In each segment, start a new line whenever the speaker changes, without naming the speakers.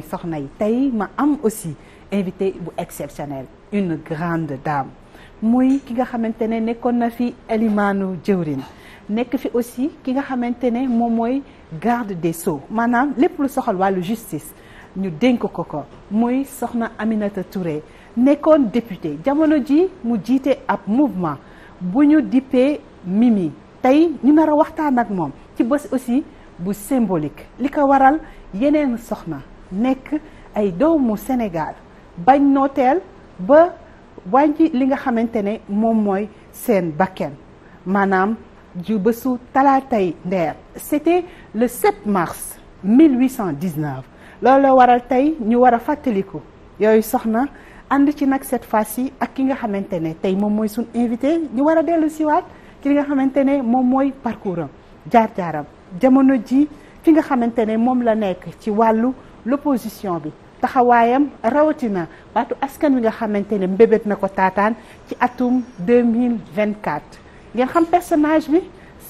soxna yi tey ma am aussi invité bu exceptionnel une grande dame muy ki nga xamante ne nekkoon na fi Elimaanu Jëwrin nekk fi aussi ki nga xamante ne moom mooy garde des sceaux maanaam lépp lu soxal wàllu justice ñu dénk ko ko muy soxna Aminata Touré nekkoon député jamono ji mu jiite ab mouvement bu ñu dippee Mimi tey ñu nar a waxtaan ak moom ci bés aussi bu symbolique li ko waral yeneen soxna nekk ay doomu Sénégal bañ nooteel ba wàññi li nga xamante ne moom mooy seen bakken maanaam ju bésu talaatay ndeer c'était le 7 mars 1819 loolu la waral tey ñu war a fàttaliku yooyu soxna ànd ci nag cette fois-ci ak ki nga xamante ne tey moom mooy suñ invité ñu war a dellu siwaat ki nga xamante ne moom mooy parcours am jaar-jaaram jamono ji fi nga xamante ne moom la nekk ci wàllu l'opposition bi taxawaayam rawatina baatu askan wi nga xamante ne mbébét na ko taataan ci atum 2024 ngeen xam personnage bi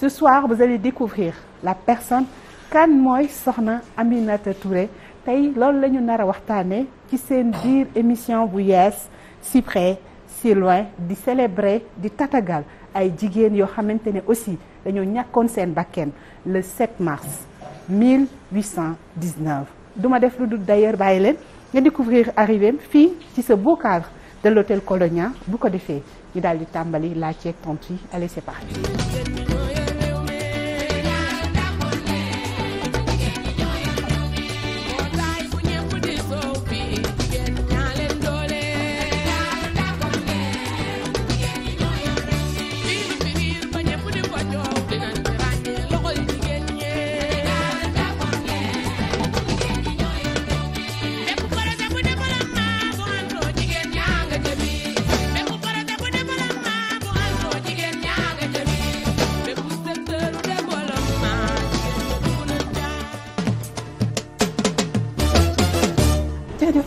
ce soir vous allez découvrir la personne kan mooy soxna Aminata toure tey loolu la ñu nar a waxtaanee ci seen biir émission bu yees si près si loin di célébrer di tatagal ay jigéen yoo xamante ne aussi dañoo ñàkkoon seen bakken le 7 mars 1819 duma def lu dul d'ailleurs bàyyi leen nga découvrir arrivé fii ci sa beau cadre de l'hôtel Colonia bu ko defee ñu daal di tàmbali laajteeg tontu yi allez c'est parti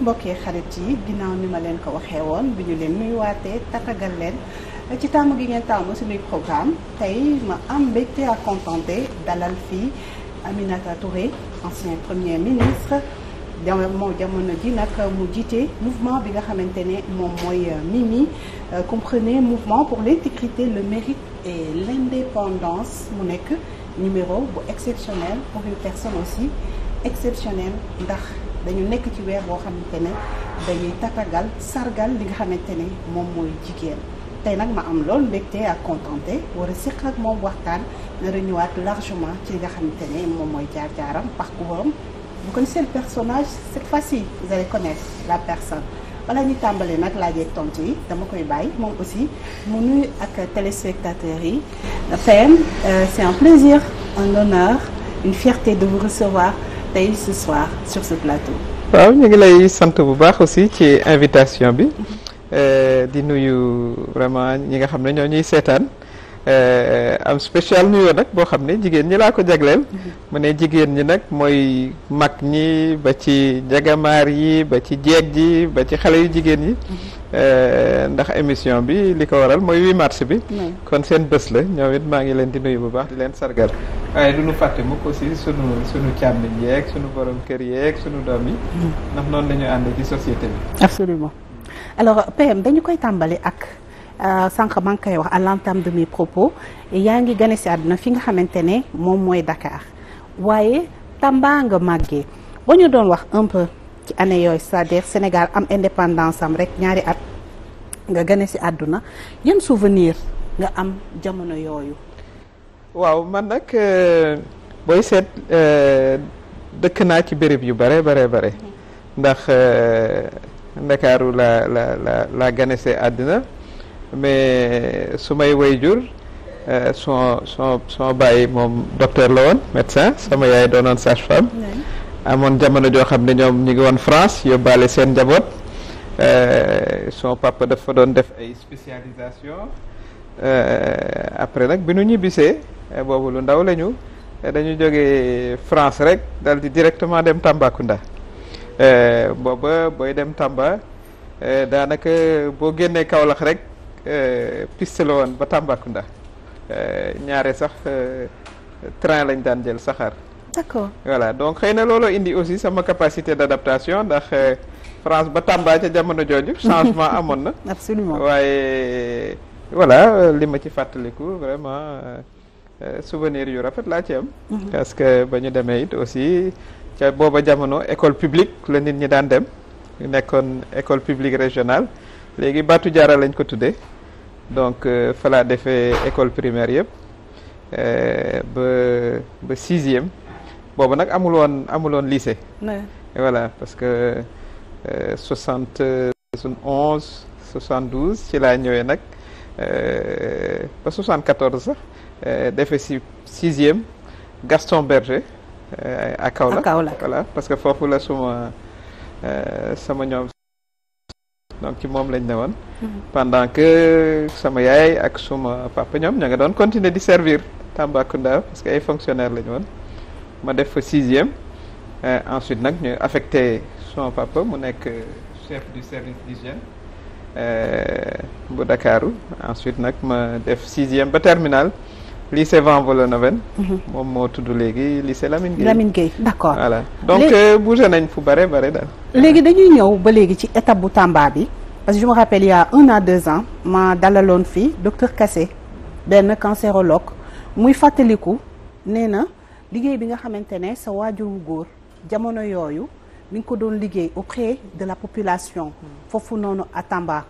mbokki xarit yi ginnaaw ni ma leen ko waxee woon bi ñu leen nuyuwaatee tatagal leen ci tàmm gi ngeen tàmm suñuy programme tey ma am mbégte à contenté dalal fii Aminata Touré ancien premier ministre moo jamono ji nag mu jiite mouvement bi nga xamante ne moom mooy euh, Mimi euh, comprenez mouvement pour l'intégrité le mérite et l'indépendance mu nekk numéro bu exceptionnel pour une personne aussi exceptionnelle ndax dañu nekk ci weer boo xamante ne dañuy tatagal sargal li nga xamante ne moom mooy jigéen tey nag ma am lool mbégte ak contenté war a ak moom waxtaan nar a ñëwaat largement ci li nga xamante ne moom mooy jaar-jaaram parcours am vous connaissez le personnage cette fois-ci vous la personne wala ñu tàmbale nag laajeeg tontu yi dama koy bàyyi moom aussi mu nuyu ak téléspectateurs yi FM euh, c'est un plaisir un honneur une fierté de vous recevoir tey ce soir
waaw ñu ngi lay sant bu baax aussi ci invitation bi mhm. euh, di nuyu vraiment ñi nga xam ne ñoo ñuy seetaan. Euh, am spécial nuyoo nag boo xam ne jigéen ñi laa ko jagleel mu mhm. ne jigéen ñi nag mooy mag ñi ba ci jagamaar yi ba ci jeeg ji ba ci xale yu jigéen ñi mhm. Eh, ndax émission bi li ko waral mooy 8 mars bi. kon seen bés la ñoom it maa ngi leen di nuyu bu baax di leen sargal. waaye du ñu fàtte mukk aussi sunu sunu càmmiñ yeeg sunu borom kër yeek sunu doom yi. ndax noonu la ànd ci société bi.
absolument alors PM dañu koy tàmbali ak. Euh, sànq maa ngi koy wax à l'entame de mes propos yaa ngi gane si àdduna fi nga xamante ne moom mooy dakaar waaye Tamba nga màggee ba ñu doon wax un ci année yooyu cest à Sénégal am indépendance am rek ñaari at nga gane si àdduna yan souvenir nga am jamono yooyu waaw man nag
euh, booy seet euh, dëkk naa ci béréb yu bare bare bare ndax euh, ndakaaru la la laa gane ganese àdduna mais su may wayjur son soo soo bàyyi moom docteur la woon médecin sama yaay doonoon sage femme amoon jamono joo xam ne ñoom ñu ngi woon France yóbbaale seen njaboot euh, son papa dafa doon def ay spécialisation euh, après nag bi nu ñibbisee euh, boobu lu ndaw lañu dañu jógee France rek dal di directement dem Tambacounda booba booy dem Tamba daanaka boo génnee Kaolack rek piste la woon ba Tambacounda ñaare sax train lañ daan jël saxaar d'accord voilà donc xëy na looloo indi aussi sama capacité d'adaptation ndax euh, France ba Tamba ca jamono jooju. changement amoon na. absolument waaye voilà li ma ci fàttaliku vraiment euh, euh, souvenir yu rafet laa ci am. Mhm. parce que ba ñu demee it aussi ca booba jamono école publique la nit ñi daan dem nekkoon école publique régionale léegi Baatu Jaara lañ ko tuddee donc fa laa defee école primaire yëpp ba ba boobu nag amul woon amul lycée. voilà parce que euh, soixante onze soixante douze ci laa ñëwee nag euh, ba soixante quatorze sax euh, defee si sixième Gaston Berger. à Kaolack voilà parce que foofu la suma sama ñoom. donc ci moom lañ ne woon. Mhm. pendant que sama yaay ak suma papa ñoom ña ngi doon continuer di servir Tambacounda parce que ay fonctionnaires lañ woon. ma def fa en euh, ensuite nag ñu affecté son papa mu nekk euh, chef du service d'hygiène euh, bu Ndakaaru ensuite nag ma def sixième ba terminale lycée Van Vollenhoven mhm. moom moo tudd léegi lycée Lamine Gueye Lamine Gueye
d'accord voilà donc
bougé nañ fu bare bare daal
léegi dañuy ñëw ba léegi ci étape bu Tamba bi parce que je me rappelle il y a un à deux ans ma dalaloon fii docteur Kassé benn cancérologue muy fàttaliku nee na liggéey bi nga xamante ne sa waajur wu góor jamono yooyu mi ngi ko doon liggéey auprès de la population. foofu noonu à Tamba.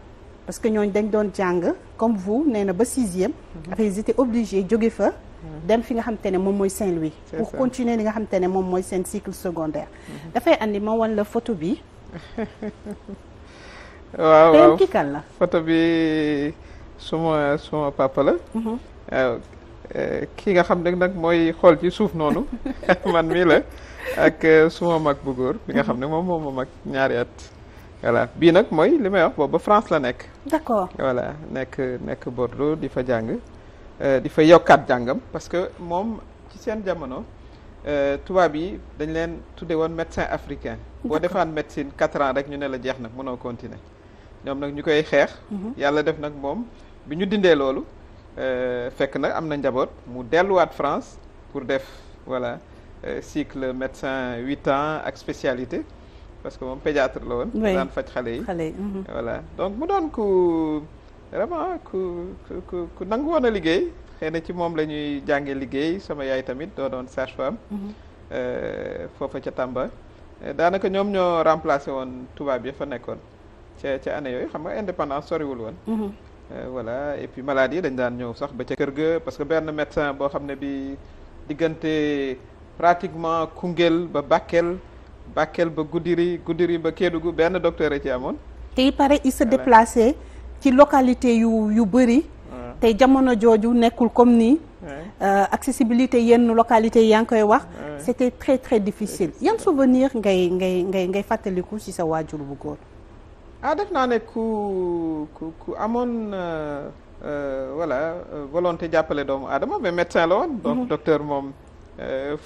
parce que ñooñ dañ doon jàng comme vous nee na ba sixième. Mhm. après ils étaient obligés jóge fa. Mhm. dem fi nga xamante ne moom mooy Saint-Louis. pour nga xamante ne moom mooy seen cycle secondaire. Mhm. dafay andi ma wan la photo bi. waaw waaw kan la.
photo bi suma suma papa la. Euh, Eh, ki nga xam ne nag mooy xool ci suuf noonu man mii la ak eh, suma mag bu góor bi nga xam ne moom moom ma mag ñaari at voilà bii nag mooy li may wax boobu ba France la nekk d'accord voilà nekk nekk Bordeaux di fa jàng eh, di fa yokkaat jàngam parce que moom ci seen jamono tubaab yi dañ leen tudde woon médecin africain boo defaan médecine quatre ans rek ñu ne la jeex nag mënoo continuer ñoom nag ñu koy xeex mhm. yàlla def nag moom bi ñu dindee loolu Euh, fekk na am na njaboot mu delluwaat France pour def voilà euh, cycle médecin huit ans ak spécialité parce que moom pédiatre la woon. daan faj xale yi xale yi. Mhm. donc mu doon ku vraiment ku ku ku nangu woon a liggéey xëy na ci moom la ñuy jànge liggéey sama yaay tamit doo doon sage-femme. Mhm. Euh, foofa ca Tamba. daanaka ñoom ñoo remplacé woon tubaab yi fa nekkoon ca ca année yooyu xam nga indépendance soriwul woon. Mhm. Euh, voilà et puis dañ daan ñëw sax ba ca kër ga parce que benn médecin boo xam ne bi diggante pratiquement Koungheul ba Bakel Bakel ba Goudiri Goudiri ba Kédougou benn docteur ci amoon
te il paraît il se ci localité yu yu bëri te jamono jooju nekkul comme nii euh, accessibilité yenn localité yaa ngi koy wax c'était très très difficile yan souvenir ngay ngay ngay ngay fàttaliku ci sa waajur bu góor
ah def naa ne ku ku ku amoon euh, euh, voilà euh, volonté jàppale doomu aadama mais médecin la woon. Mhm. donc docteur moom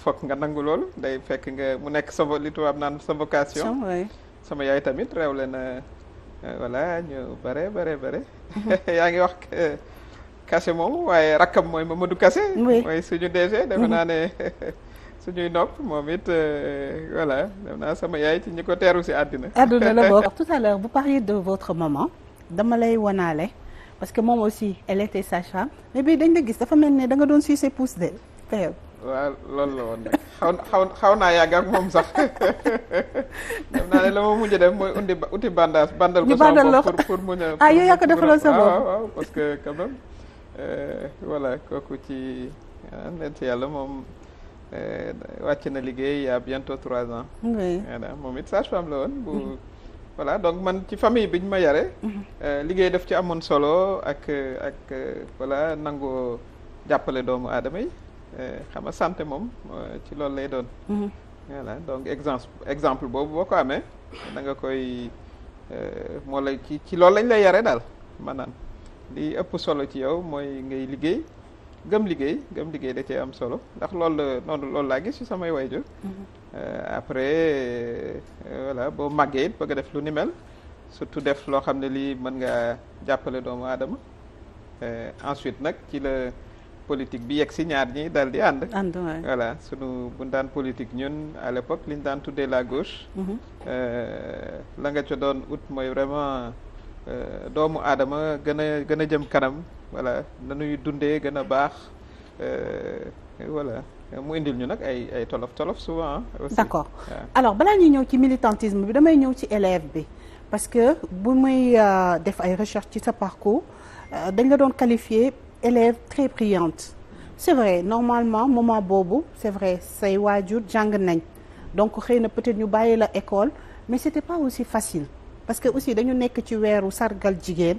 fokk nga nangu loolu day fekk nga mu nekk sa li tubaab naan vocation. sama yaay tamit réewle na voilà ñu bare bare bare. Mhm. yaa ngi wax Kassé moom waaye rakkam mooy Mamadou Kassé. mooy suñu DG defe mhm. naa ne. suñuy nopp moom it euh, voilà dem naa sama yaay ci ñi ko teeru si àddina. àdduna la bokk
tout à l'heure vous parliez de votre maman dama lay wanaale parce que moom aussi elle était sage-femme mais bii dañ la gis dafa mel ne da nga doon suy ses pouces de période.
waaw loolu la woon nag xaw xaw naa yàgg ak moom sax dem naa ne la ma mujj def mooy undi uti bandage bandal ko sama bopp pour pour a. ah yow yaa ko waaw parce que quand même euh, kooku ci ah yàlla moom. Eh, wàcc na liggéey il y trois ans. oui moom it sage-femme la woon bu. Mm-hmm. voilà donc man ci famille bi ñu ma yare mm-hmm. eh, liggéey daf ci amoon solo ak ak voilà nangoo jàppale doomu aadama yi eh, xam nga santé moom ci loolu lay doon. Mm-hmm. voilà donc exemple exemple boobu boo ko amee da koy moo lay ci ci loolu lañ lay yare daal maanaam li ëpp solo ci yow mooy ngay liggéey. gëm liggéey gëm liggéey da cee am solo ndax loolu noonu loolu laa gis ci samay waajur mhm. euh, après euh, voilà boo màggee it bëgg a def lu ni mel surtout def loo xam ne lii mën nga jàppale doomu aadama euh, ensuite nag ci la politique bi yegg si ñaar ñi dal di ànd voilà sunu buñ daan politique ñun à l'époque liñ daan tuddee la gauche mhm. la nga ca doon ut mooy vraiment doomu aadama gën a gën a jëm kanam voilà nanuy dundee gën a baax euh, voilà mu indil ñu nag ay tolof tolof souvent aussi d'accord
alors balaa ñuy ñëw ci militantisme bi damay ñëw ci élève bi parce que bu muy euh, def ay recherche ci sa parcours euh, dañ la doon qualifier élève très brillante c'est vrai normalement moment boobu c'est vrai say waajur jàng nañ donc xëy na peut-être ñu bàyyi la école mais c'était pas aussi facile parce que aussi dañu nekk ci weeru sargal jigéen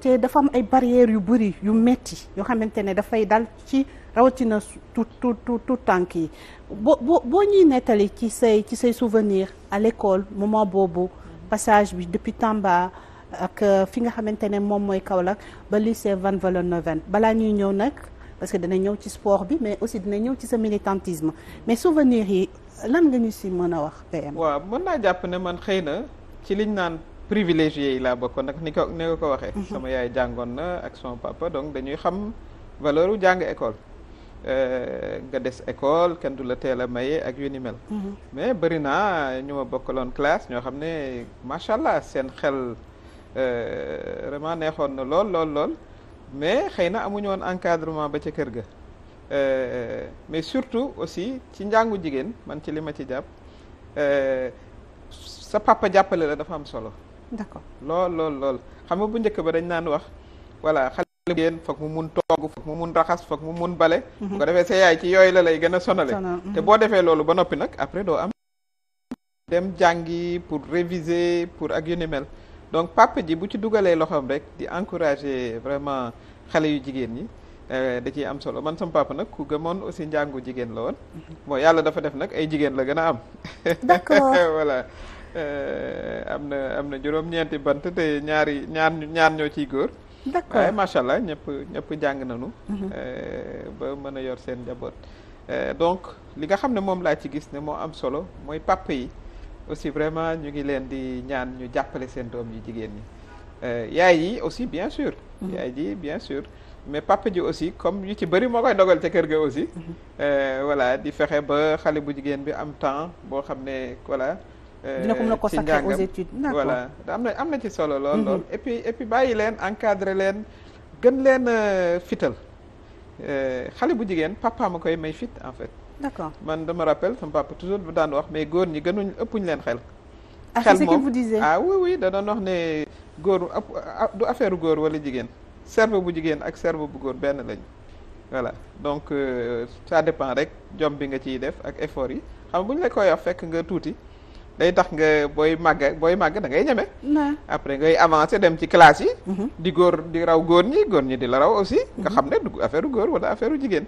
te dafa am ay barrières yu bëri yu metti yoo xamante ne dafay dal ci rawatina tout tout tout tout tànk yi bo bo boo ñuy nettali ci say ci say souvenir à l'école moment boobu passage bi depuis Tamba ak euh, fi nga xamante ne moom mooy Kaolack ba lycée Van Vollenhoven balaa ñuy ñëw nag parce que dina ñëw ci sport bi mais aussi dina ñëw ci sa militantisme mais souvenir yi lan nga ñu si mën a wax PM.
waaw mën naa jàpp ne man xëy na ci liñ naan. privilégié yi laa bokkoon nag ni ko ni nga ko waxee. Mhm. sama yaay jàngoon na ak son papa donc dañuy xam valeur u jàng école. Euh, nga des école kenn du la teel a maye ak yu ni mel. Mhm. mais bëri naa ñu ma bokkaloon classe ñoo xam ne macha allah seen xel euh, vraiment neexoon na lool lool lool. mais xëy na amuñu woon encadrement ba ca kër ga. Euh, mais surtout aussi ci njàngu jigéen man ci li ma ci jàpp sa papa jàppale la dafa am solo. d'accord lool lool lool xam nga bu njëkk ba dañ naan wax voilà xale bu jigéen foog mu mun togg foog mu mun raxas foog mu mun bale mhm. bu ko defee sa yaay ci yooyu la lay gën a sonale mhm. te boo defee loolu ba noppi nag après doo am dem jàngi pour réviser pour ak yu ni mel donc papa ji bu ci dugalee loxoom rek di encourager vraiment xale yu jigéen ñi euh, da ciy am solo man sama papa nag ku gëmoon aussi njàngu jigéen la woon mhm. bon yàlla dafa def nag ay jigéen la gën a am d'accord voilà Eh, am na am na juróom-ñeenti bant te ñaari ñaan ñaar ñoo ciy góor. d'accord waaye eh, macha allah ñëpp ñëpp jàng nañu. Mhm. Eh, ba mën a yor seen njaboot. donc li nga xam ne moom laa ci gis ne moo am solo mooy pàpp yi aussi vraiment ñu ngi leen di ñaan ñu jàppale seen doom yu jigéen ñi. yaay yi aussi bien sûr. Mhm. yaay ji bien sûr. mais papa ji aussi comme yu ci bëri moo koy dogal ca kër ga aussi. Mhm. voilà di fexe ba xale bu jigéen bi am temps boo xam ne voilà Euh, dina ko mën a consacrer voilà am na am na ci solo lool mhm. lool et puis bàyyi leen encadrer leen gën leen euh, fital euh, xale bu jigéen papa ma koy may fit en fait d'accord man dama rappel sama papa toujours bu daan wax mais góor ñi gënuñ ëppuñ leen xel ah, xel moom ah oui oui da doon wax ne góor ah, du affaire góor wala jigéen cerveau bu jigéen ak cerveau bu góor benn lañu voilà donc ça dépend rek jom bi nga ciy def ak effort yi xam bu ñu la koy wax fekk nga tuuti day tax nga booy màgg booy màgg da ngay ñeme. après ngay avancer dem ci classe yi. Mhm. di góor di raw góor ñi góor ñi di la raw aussi. nga mhm. xam ne du affaire góor wala affaire jigéen.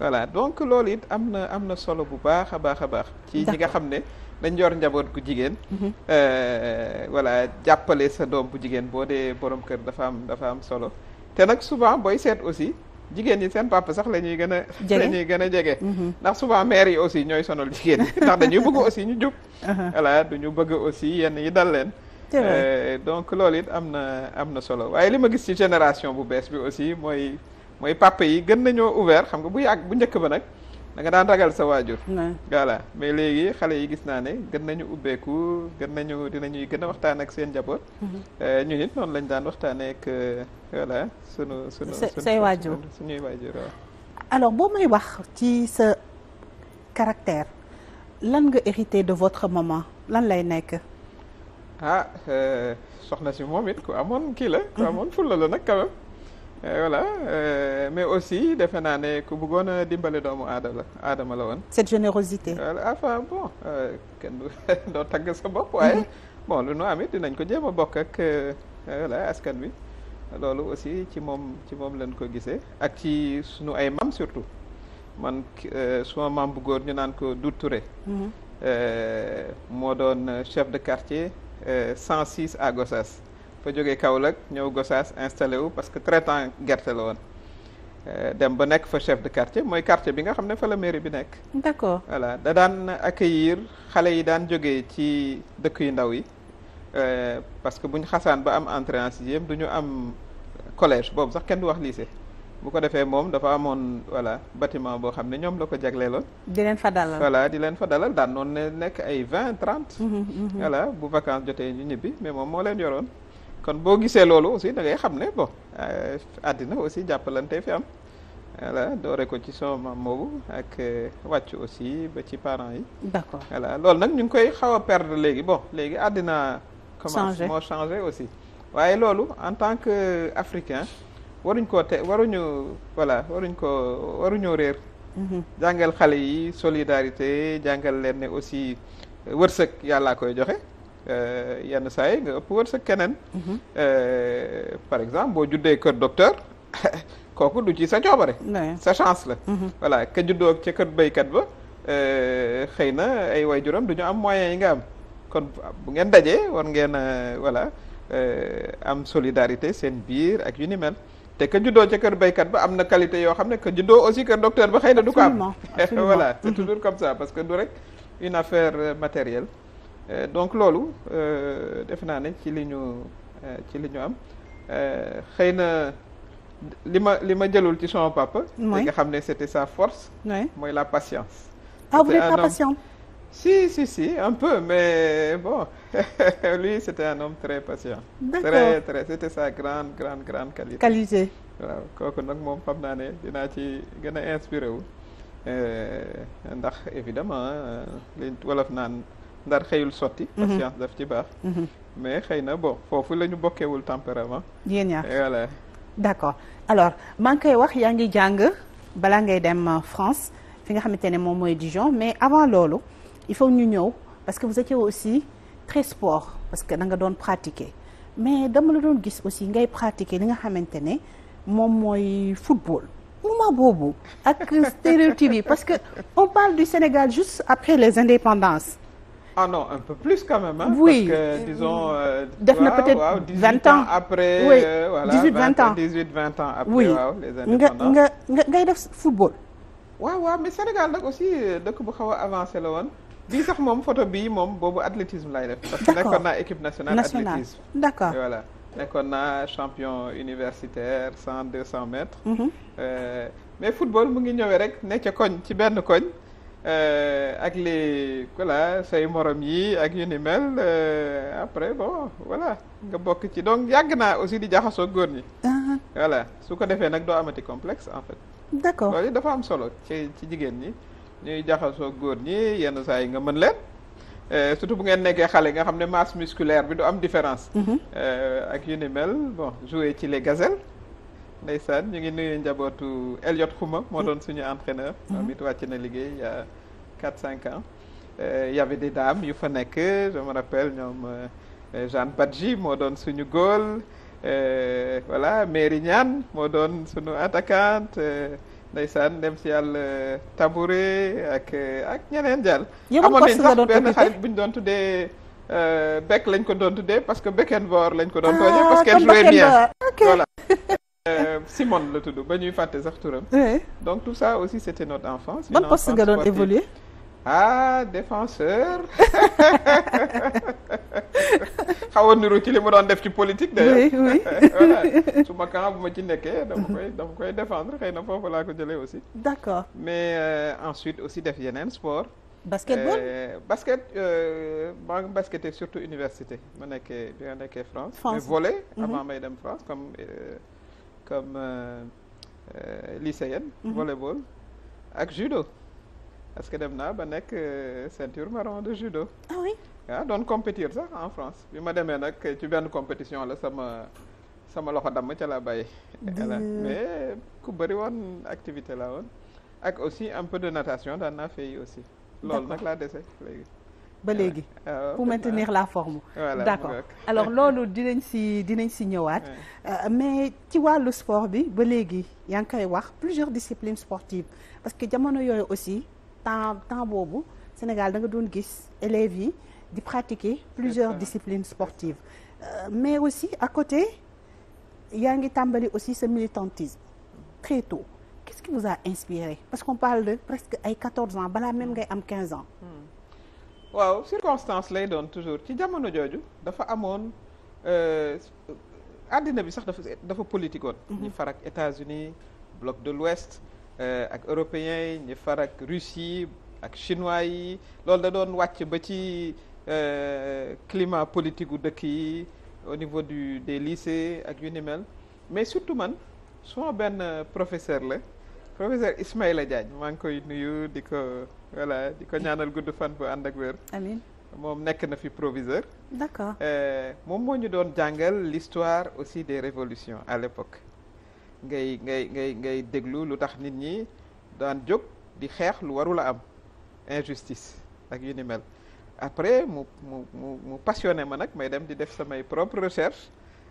voilà donc loolu it am na am na solo bu baax a baax a baax. ci ñi nga xam ne dañ yor njaboot gu jigéen. Mhm. Euh, voilà jàppale sa doom bu jigéen boo dee borom kër dafa am dafa am solo te nag souvent booy seet aussi. jigéen ñi seen papa sax la ñuy gën a la gën a jege mhm. ndax souvent mère yi aussi ñooy sonal jigéen ñi ndax dañuy bëgg aussi ñu jub uh-huh. voilà du ñu bëgg aussi yenn yi dal leen euh, donc loolu it am na am na solo waaye li ma gis ci génération bu bees bi aussi mooy mooy papa yi gën nañoo ouvert xam nga bu yàgg bu njëkk ba nag da nga daan ragal sa waajur. voilà mais léegi xale yi gis naa ne gën nañu ubbeeku gën nañu dinañuy gën a waxtaan ak seen njaboot. Mhm. Eh, ñu nit noonu lañ daan waxtaanee ak eh, voilà sunu sunu. say waajur suñuy waajur waaw.
alors boo may wax ci sa caractère lan nga hérité de votre maman lan lay nekk.
ah eh, soxna si moom it ku amoon kii la. ku mhm. amoon fulla la nag quand Euh, voilà euh, mais aussi defe naa ne ku bëggoon a dimbale doomu aadama aadama la woon. cette générosité. voilà euh, enfin bon kenn doo tagg sa bopp waaye bon lu nu am it dinañ ko jéem a bokk ak voilà askan bi loolu aussi ci moom ci moom lañ ko gisee ak ci sunu ay mam surtout man suma mam bu góor ñu naan ko Doudou Touré. Mm-hmm. moo doon chef de quartier cent à Gossas. fa jógee Kaolack ñëw Gossas installé wu parce que traitant gerte la woon euh, dem ba nekk fa chef de quartier mooy quartier bi nga xam ne fa la mairie bi nekk. d'accord voilà da daan accueillir xale yi daan jóge ci dëkk yu ndaw yi euh, parce que bu ñu xasaan ba am entrée en sixième du ñu am collège boobu sax kenn du wax lycée. bu ko defee moom dafa amoon voilà batiment boo xam ne ñoom la ko jagleeloon.
di leen fa dalal voilà
di leen fa dalal daan noonu ne nekk ay vingt trente. Mhm, mhm. voilà bu vacances jotee ñu ñibbi mais moom moo leen yoroon. kon boo gisee loolu aussi da xam ne bon euh, àddina aussi jàppalante fi am voilà doore ko ci sama maam boobu ak euh, wàcc aussi ba ci parents yi. d'accord voilà loolu nag ñu ngi koy xaw a perdre léegi bon léegi àddina. changé comment moo changé aussi. waaye loolu en tant que euh, africain waruñ koo te waruñu voilà waruñ ko waruñoo réer. Mhm. jàngal xale yi solidarité jàngal leen ne aussi wërsëg yàllaa koy joxe. Euh, yenn saa yi nga ëpp wërsëg keneen. Mhm. Euh, par exemple boo juddee kër docteur. kooku du ci sa coobare. sa chance la. Mhm. voilà ka juddoo ca kër béykat ba euh, xëy na ay waajuram du ñu am moyens yi nga am kon bu ngeen dajee war ngeen voilà am solidarité seen biir ak yu ni mel te ka juddoo ca kër béykat ba am na qualité yoo xam ne ka juddoo aussi kër docteur ba xëy na du ko am. voilà c'est mhm. toujours comme ça parce que du rek une affaire matérielle. Euh, donc loolu euh, defe naa ne ci li ñu euh, ci li ñu am xëy na li ma li ma jëlul ci sama papa. mooy nga xam ne c'était sa force. mooy la patience.
ah vous n'êtes pas patient.
si si si un peu mais bon lui c'était un homme très patient. d'accord très très c'était sa grande grande grande qualité. qualité. waaw kooku nag moom xam naa ne dinaa ci gën a inspiré wu. ndax évidemment li wolof naan. ndar xëyul sotti. Mhm. patience daf ci baax. Mhm. mais xëy na bo foofu la ñu bokkewul tempérament. yéen ñaar voilà.
d' accord alors maa ngi koy wax yaa ngi jàng balaa ngay dem euh, France fi nga xamante ne moom mooy Dijon mais avant loolu il faut ñu ñëw parce que vous étiez aussi très sport parce que da nga doon pratiquer mais dama la doon gis aussi ngay pratiquer li nga xamante ne moom mooy football. moment boobu ak stéréotype yi parce que on parle du Sénégal juste après les indépendances.
ah non un peu plus quand même. Hein, oui parce
que disons.
Euh, def na peut-être waaw, vingt ans après. oui euh, dix-huit vingt ans dix-huit vingt ans après. oui waaw les indépendants nga
nga ngay def football.
waaw waaw mais Sénégal nag aussi euh, dëkk bu xaw a avancé la woon. bii sax moom photo bii moom boobu athlétisme lay def. parce que nekkoon naa équipe nationale athlétisme. d'accord voilà nekkoon naa champion universitaire cent deux cent mètres. Mm-hmm. mais football mu ngi ñëwee rek ne ca koñ ci benn koñ. Euh, ak les voilà say morom yi ak yu ni mel euh, après bo voilà nga bokk ci donc yàgg naa aussi di jaxasoo góor ñi. Ah. voilà su ko defee nag doo amati complexe en fait. d'accord loolu dafa am solo ci ci jigéen ñi ñuy jaxasoo góor ñi yenn saa yi nga mën leen. Euh, surtout bu ngeen nekkee xale nga xam ne masse musculaire bi du am différence. Mm-hmm. ak yu ni mel bon jouer ci les gazelles. ndeysaan ñu ngi nuyu njabootu Elliot Xuma moo doon suñu entraîneur. Mm-hmm. moom it wàcc na liggéey il y a 4 5 ans. Euh, y avait des yu fa nekk je me rappelle ñoom euh, Badji moo doon suñu góol euh, voilà Mary moo doon suñu attaquante euh, ndeysaan dem si yàlla euh, Tabouré ak euh, ak ñeneen jàll. amoon nañ sax benn xarit bu ñu doon tuddee Beck lañ ko doon tuddee parce que Beckenbauer lañ ko doon ah, tooñee. parce qu'elle jouait bien Euh, Simone la tudd ba ñuy fàtte sax turam. donc tout ça aussi c'était notre enfance. ban poste nga doon évoluer. ah défenseur xaw a niru ci li mu daan def ci politique d'ailleurs. oui oui su ma camp bu ma ci nekkee. dama koy dama koy défendre na foofu laa ko jëlee aussi. d'accord mais euh, ensuite aussi def yeneen sport. basketball euh, basket e euh, ngi basketté surtout université ma nekke bi nga France. France mais mhm. avant may dem France comme. Euh, comme euh, euh, lycéenne. Mhm. volleyball ak judo. parce que dem naa ba nekk euh, ceinture marron de judo. ah oui waaw ah, doon compétir sax en France bi ma demee nag ci benn compétition la sama sama loxo damm ca la bay mais ku bëri woon activité la woon. ak aussi un peu de natation daan naa fay aussi. loolu nag laa dese léegi. ba léegi oh, pour maintenir la forme voilà, d'accord alors
loolu dinañ si dinañ si ñëwaat euh, mais ci wàllu sport bi ba léegi yaa ngi koy wax plusieurs disciplines sportives parce que jamono yooyu aussi temps temps boobu Sénégal da nga doon gis élèves yi di pratiquer plusieurs disciplines sportives euh, mais aussi à côté yaa ngi tàmbali aussi ce militantisme très tôt qu'est-ce qui vous a inspiré parce qu'on parle de presque ay 14 ans balaa même ngay am quinze ans
hmm. waaw circonstance lay doon toujours ci jamono jooju dafa amoon euh, àddina bi sax dafa dafa politique woon mhm. ñi far ak États-Unis bloc de l'Ouest euh, ak européens yi ñi far ak yi ak chinois yi loolu da doon wàcc ba ci euh, climat politique gu dëkk yi au niveau du des lycées ak yu ni mel mais surtout man suma benn professeur la professeur Ismaïla Diagne maa ngi koy nuyu di ko voilà di ko ñaanal gudd fan bu ànd ak wér. amiin moom nekk na fi proviseur. d'accord eh, moom moo ñu doon jàngal l'histoire aussi des révolution à l'époque ngay ngay ngay ngay déglu lu tax nit ñi daan jóg di xeex lu warul a am injustice ak yu ni mel. après mu mu mu mu passionné ma nag may dem di def samay propre recherche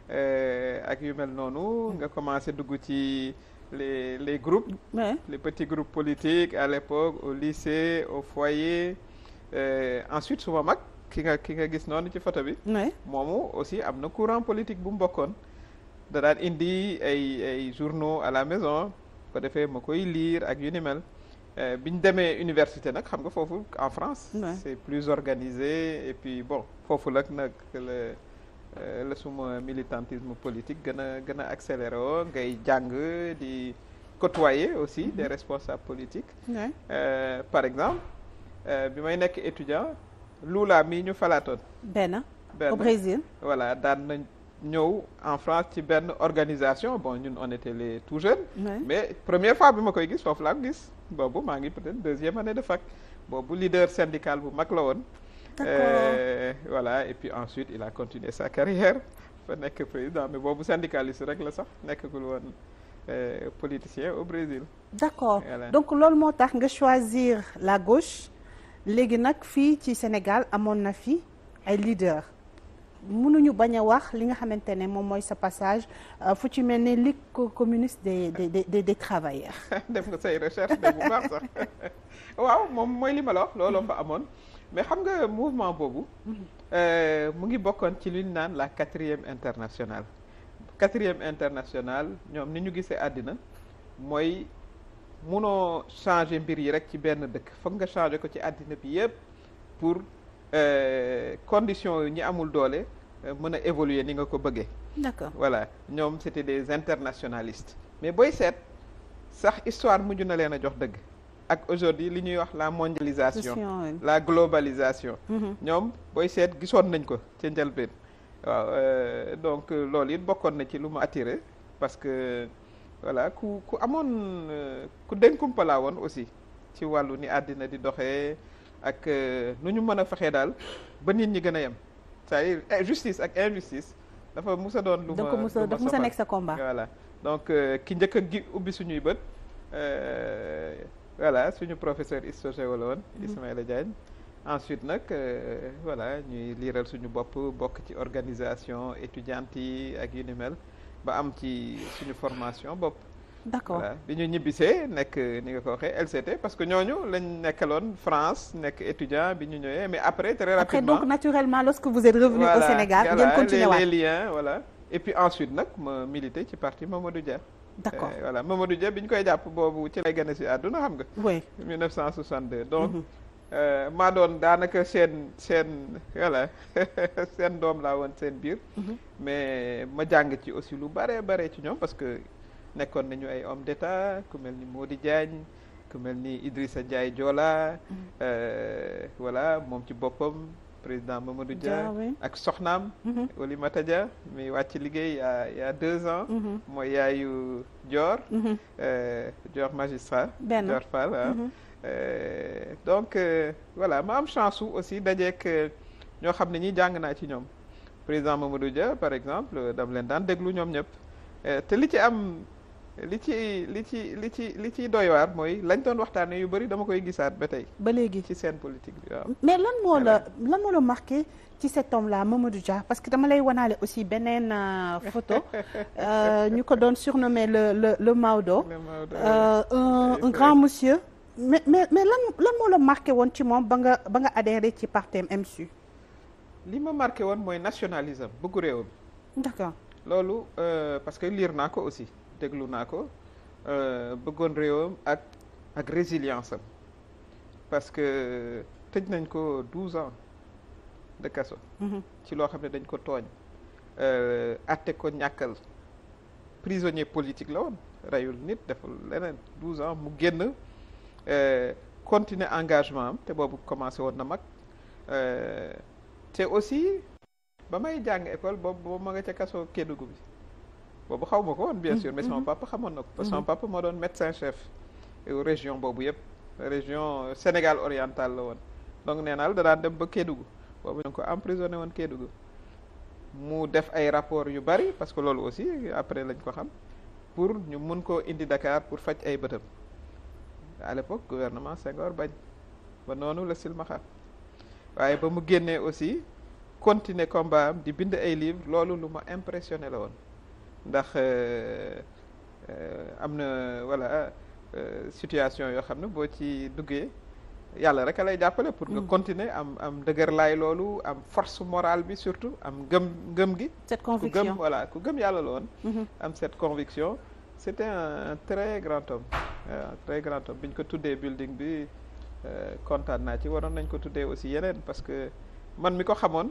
eh, ak yu mel noonu mm. nga commencé dugg ci. les les groupes ouais. les petits groupes politiques à l'époque au lycée au foyer euh, ensuite su ma mag ki nga ki nga gis noonu ci photo bi moomu aussi am na courant politique bu mu bokkoon dadaal indi ay ay journaux à la maison ko defee ma koy lire ak yu ni mel euh, bi ñu demee université nag xam nga foofu en France ouais. c'est plus organisé et puis bon foofu nag nag Euh, la suma militantisme politique gën a gën a accéléré woo ngay jàng di côtoyer aussi mm -hmm. des responsables politiques ouais. Euh, par exemple euh, bi may nekk étudiant Lula mii ñu falaatoon benn benn au Brésil voilà daan nañ ñëw en France ci benn organisation bon ñun on était les tout jeunes ouais. mais première fois bi ma koy gis foofu laa ko gis boobu maa ngi peut-être deuxième année de fac boobu leader syndical bu mag la woon d'accord voilà et puis ensuite il a continué sa carrière fa nekk président mais boobu syndicaliste rek la sax nekkagul woon eh, politicien au Brésil.
d'accord voilà. donc loolu moo tax nga choisir la gauche léegi nag fii ci Sénégal amoon na fi ay leaders. mënuñu bañ a wax li nga xamante ne moom mooy sa passage euh, fu ci mel ni ligue communiste des des des
def nga say recherche de bu baax sax waaw moom mooy li ma la wax looloo fa amoon. mais xam nga mouvement boobu euh, mu ngi bokkoon ci li naan la quatrième internationale quatrième internationale ñoom ni ñu gisee àddina mooy munoo changer mbir yi rek ci benn dëkk foog nga changer ko ci àddina bi yëpp pour euh, condition yi ñi amul doole euh, mën a évoluer ni nga ko bëggee d'accord voilà ñoom c'était des internationalistes mais booy seet sax histoire mujj na leen a jox dëgg ak aujourd'hui li ñuy wax la mondialisation la globalisation mhm. ñoom booy seet gisoon nañ ko ca njëlbeen waaw euh, donc euh, loolu it bokkoon na ci lu mu attiré parce que voilà ku ku amoon euh, ku dénkumpa laa woon aussi ci wàllu ni àddina di doxee ak nu ñu mën a fexe daal ba nit ñi gën a yem cest à eh, justice ak injustice dafa mus doon lu ma dafa mus nekk sa combat voilà donc ki njëkk a gi ubbi suñuy bët voilà suñu professeur histoire géo la woon mhm. Ismaïla Diagne ensuite nag euh, voilà ñuy liiral suñu bopp bokk ci organisation étudiante yi ak yu ba am ci suñu formation bopp d'accord voilà bi ñu ñibbisee nekk ni nga ko waxee LCT parce que ñooñu lañ nekkaloon France nekk étudiant bi ñu ñëwee mais après très rapidement après donc
naturellement lorsque vous êtes revenu au Sénégal ngeen continué
waat et puis ensuite nag ma milité ci parti Mamadou Dia d'accord eh, voilà Mamadou Dia bi ñu koy jàpp boobu ci lay gane si àdduna xam nga. oui 1962 donc. Mhm. Euh, maa doon daanaka seen seen voilà seen doom laa woon seen biir. Mhm. mais ma jàng ci aussi lu bare bare ci ñoom parce que nekkoon nañu ay homme d'état ku mel ni di Diagne ku mel ni Idrissa Ndiaye Joola. Mhm. Euh, voilà moom ci boppam. président Mamadou Dia ak soxnaam mm-hmm. Oulimata Dia mi wàcc liggéey il y deux ans mm-hmm. mooy yaayu Dior joor mm-hmm. euh, magistrat Dior Fall ah. euh, donc euh, voilà ma am chance aussi dajeek ñoo xam ne ñi jàng naa ci ñoom président Mamadou ja par exemple dam leen daan déglu ñoom ñëpp li ci li ci li ci li ciy doy mooy lañ doon waxtaanee yu bëri dama koy gisaat ba tey.
ba léegi ci seen politique bi waaw. mais lan moo la lan moo la ci cet la là Mamadou Dia parce que dama lay wanaale aussi beneen euh, photo euh, ñu ko doon surnommé le le le Maodo. le euh, un, grand monsieur. mais mais mais lan lan moo la marqué woon ci moom ba nga ba nga adhéré ci parti MSU.
li ma marqué woon mooy nationalisme bëggu réew mi. d'accord loolu parce que lire naa ko aussi. déglu naa ko euh, bëggoon réewam ak ak résilience am parce que tëj nañ ko douze ans de kaso mhm. ci loo xam ne dañ ko tooñ euh, atte ko ñàkkal prisonnier politique la woon reyul nit deful leneen douze ans mu génn euh, continuer engagement am te boobu commencé woon na mag te aussi ba may jàng école boobu boobu ma nga ca kaso Kédougou bi boobu xaw ma ko woon bien mm-hmm. sûr mais sama papa xamoon na ko parce que sama mm-hmm. papa moo doon médecin chef région boobu yëpp région euh, Sénégal oriental la woon donc nee naal da dem ba Kédougou boobu ñu ko emprisonné woon Kédougou mu def ay rapport yu bari parce que loolu aussi après lañ ko xam pour ñu mun koo indi Dakar pour faj ay bëtam à l'époque gouvernement Senghor bañ ba noonu la silmaxa waaye ba mu génnee aussi continuer combat am di bind ay livres loolu lu ma impressionné la woon ndax euh, euh, am na voilà euh, situation yoo xam ne boo ci duggee yàlla rek a lay jàppale pour nga mm. continuer am am dëgër laay loolu am force morale bi surtout am gëm ngëm gi cette conviction ku gëm voilà ku gëm yàlla la mm-hmm. am cette conviction c'était un très grand homme très grand homme bi ñu ko tuddee building bi kontaan naa ci waroon nañ ko tuddee aussi yeneen parce que man mi ko xamoon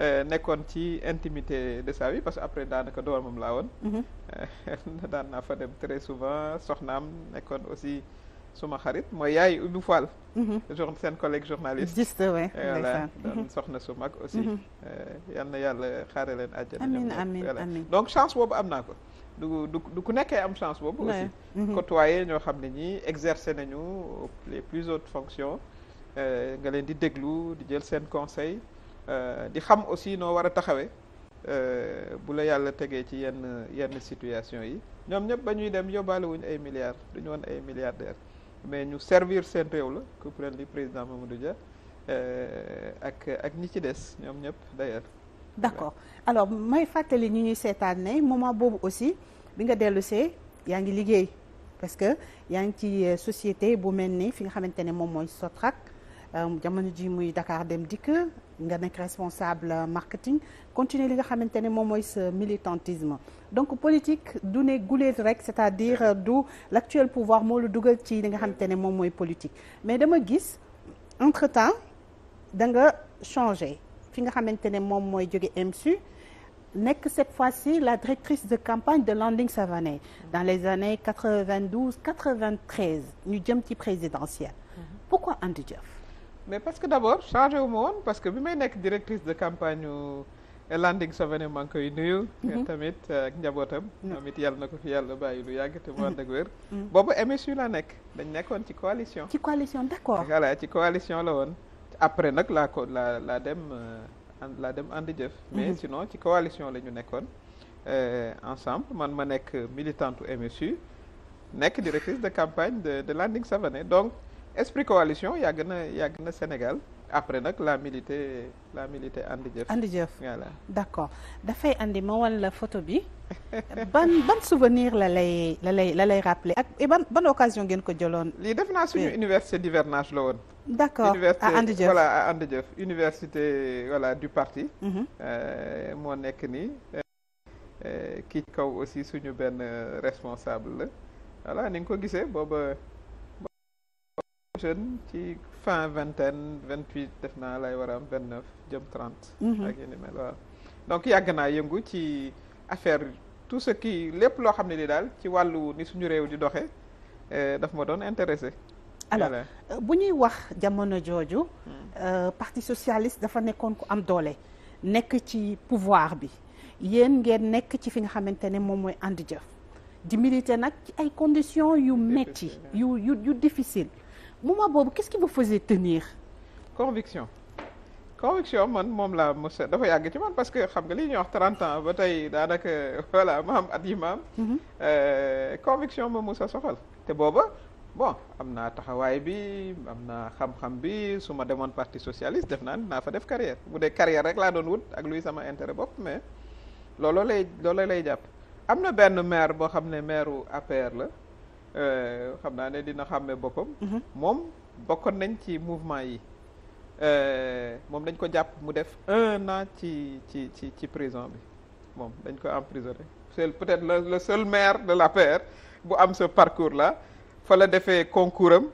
Euh, nekkoon ci intimité de sa vie parce que après daanaka doomam laa woon. Mhm. Euh, daan naa fa dem très souvent soxnaam nekkoon aussi suma xarit mooy yaay Ibou Fall. Mhm. seen collègue journaliste. juste oui voilà mhm. soxna su mag aussi. Euh, yal na yàlla xaare leen àjjana. amiin amiin donc chance boobu am naa ko. du du du ku nekkee am chance boobu aussi waaye ñoo xam ne ñi exercer nañu les plus hautes fonctions nga leen di déglu di jël seen conseil Euh, di xam aussi noo war a taxawee euh, bu la yàlla tegee ci yenn yenn situation yi ñoom ñëpp ba ñuy dem yóbbaale wuñ ay milliards duñu woon ay milliardaires mais ñu servir seen réew la ku prenne li président Mamadou Dia euh, ak ak ñi ci des ñoom ñëpp d'ailleurs
d'accord alors may fàttali ñu ñuy seetaan ne moment boobu aussi bi nga dellusee yaa ngi liggéey parce que yaa ngi ci société bu mel ni fi nga xamante ne moom mooy Sotrac jamono ji muy dakaar dem dikk nga nekk responsable marketing continuer li nga xamante ne moom mooy sa militantisme donc politique du ne guleet rek c'est-à-dire euh, du l'actuel pouvoir moo la dugal ci li nga xamante ne moom mooy politique mais dama gis entre-temps da nga changé fi nga xamante ne moom mooy jóge MSU nekk cette fois-ci la directrice de campagne de Landing Savané dans les années 92 93 ñu jëm ci présidentielle mm-hmm. pourquoi
And Jëf mais parce que dabor abord changé wu parce que bi may nekk directrice de campagne Landing Savané maa ngi koy nuyu. Mhm. tamit euh, ak njabootam. moom it yàlla na ko fi yàlla bàyyi lu yàgg te mu ànd ak mhm. boobu MSU la nekk dañ nekkoon ci coalition. ci coalition d' accord. voilà ci coalition la woon. après nag laa ko laa laa dem euh, laa dem ànd jëf. Mhm. mais sinon ci coalition la ñu nekkoon. Euh, ensemble man ma nekk militante MSU. nekk directrice de campagne de de Landing Savané donc. esprit coalition yàgg na yàgg na Sénégal après nag la milité la milité and jëf andi jëf voilà
d'accord dafay andi ma wan la photo bi ban ban souvenir la lay la lay la lay rappeler ak ban ban occasion ngeen ko jëloon lii
def naa suñu université d'hivernage la woon
d'accord université à andi jëf voilà
à andi université voilà du parti mhm. euh, moo nekk nii euh, kii kaw aussi suñu benn responsable la voilà ni nga ko gisee booba jeune ci fin vingtaine vingt huit def naa lay war a am vingt neuf jëm trente mhm. donc yàgg naa yëngu ci affaire tout ce qui lépp loo xam ne li daal ci wàllu ni suñu réew di doxe eh, dafa ma doon intéressé alors euh,
bu ñuy wax jamono jooju hmm. euh, parti socialiste dafa nekkoon ku am doole nekk ci pouvoir bi yéen ngeen nekk ci fi nga xamante ne moom mooy ànd jëf di militer nag ci ay conditions yu metti yu yu yu difficile moment boobu qu'est-ce qui vous faisait
tenir. conviction conviction man moom laa mos dafa yàgg ci man parce que xam nga li ñuy wax 30 ba tey daanaka voilà ma am at yi maam am. Mm-hmm. Euh, conviction ma mos a soxal te booba. bon am naa taxawaay bi am naa xam-xam bi su ma demoon parti socialiste def naa naa fa def carrière bu dee carrière rek laa doon wut ak luy sama intérêt bopp mais looloo lay looloo lay jàpp am na benn maire boo xam ne maireu APR la Euh, xam naa ne dina xàmme boppam. Mhm. moom bokkoon nañ ci mouvement yi euh, moom dañ ko jàpp mu def un an ci ci ci ci prison bi moom dañ ko am emprisonné c'est peut-être le seul maire de la paire bu am ce parcours la fa la defee concours am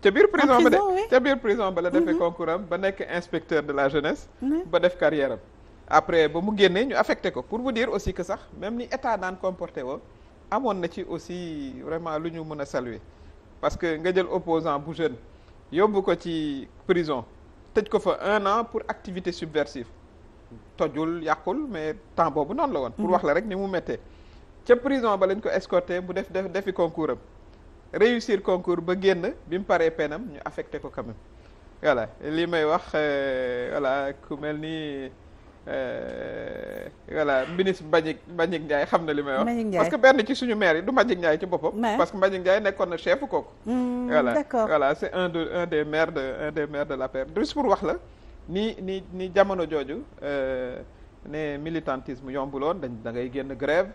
ca biir prison ba ah, de ca biir prison ba la defee mhm. concours am ba nekk inspecteur de la jeunesse ba def carrière am après ba mu génnee ñu affecté ko pour vous dire aussi que sax même ni état daan comporté woon amoon na ci aussi vraiment lu ñu mën a saluer parce que nga jël opposant bu jeune yóbbu ko ci prison tëj ko fa un an pour activité subversive tojul yàqul mais temps boobu noonu la woon pour mhm. wax la rek ni mu méttee ca prison ba lañ ko escorté bu def def defi concours am réussir concours ba génn bi mu paree penam ñu affecté ko quand même voilà li may wax euh, voilà ku mel ni Euh, voilà ministre Mbagnick Mbagnick Ndiaye xam na li may wax. parce benn ci suñu maire yi du Mbagnick Ndiaye ci boppam. parce que Mbagnick Ndiaye nekkoon na chef kooku.
Hmm, voilà
voilà c'est un de un des maires de un de maires de l'APR juste pour wax la ni ni ni jamono jooju euh, ne militantisme yombuloon dañ da ngay génn grève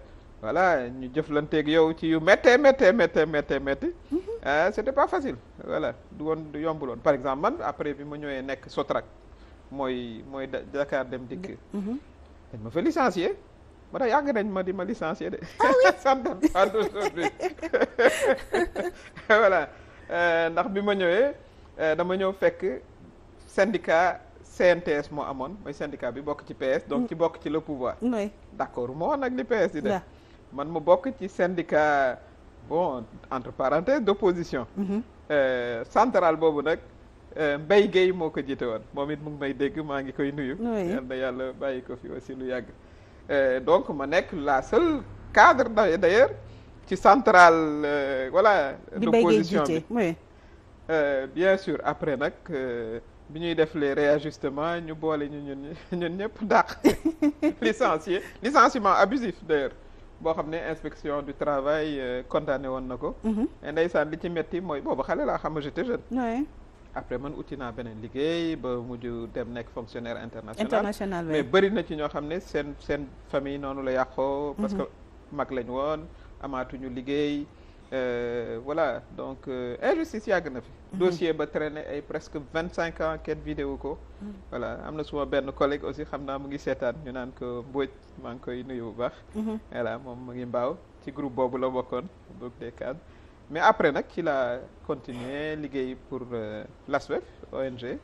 voilà ñu jëflanteeg yow ci yu méttee méttee méttee méttee métti ah mm-hmm. euh, c'était pas facile voilà du woon du yombuloon par exemple man après bi ma ñëwee nekk Sotrac. mooy mooy Dakar dem dikk mhm. dañ ma fa licencié ma tax yàgg nañ ma di ma licencié de ça ah euh, ndax bi ma ñëwee euh, dama ñëw fekk syndicat CNTS moo amoon mooy syndicat bi bokk ci PS donc ci mm. bokk ci le pouvoir d'accord moo nag li PS di def man ma bokk ci syndicat bon entre parenthèses d'opposition mhm. euh, centrale boobu nag Euh, Mbaye Guèye moo ko jiite woon moom it mu ngi may dégg maa ngi koy nuyu. yal na yàlla bàyyi ko fi aussi lu yàgg. Euh, donc ma nekk la seule cadre d'ailleurs ci centrale wala euh, d'opposition bi oui. bien sur après nag bi ñuy def les réajustements ñu boole ñu ñun ñun ñëpp dàq. licencié licenciement abusif d'ailleurs boo xam ne inspection du travail condamné woon na ko. Mm-hmm. ndeysaan li ci metti mooy boobu xale laa xam j'étais jeune. après man uti naa beneen liggéey ba mujj dem nekk fonctionnaire international. international mais bëri na ci ñoo xam ne seen seen famille noonu la yàqoo. Mhm. parce que mag lañu woon amaatuñu liggéey. wala euh, donc euh, injustice yàgg na fi. Mhm. dossier ba traîné ay presque vingt cinq ans kenn vidéo ko. Mhm. voilà am na suma benn collègue aussi xam naa mu ngi seetaan ñu naan ko Mbodj maa ngi koy nuyu bu baax. voilà moom mu ngi mbaaw ci groupe boobu la bokkoon groupe des cadres. mais après nag ci la continuer liggéey pour euh, l'ASWEF ONG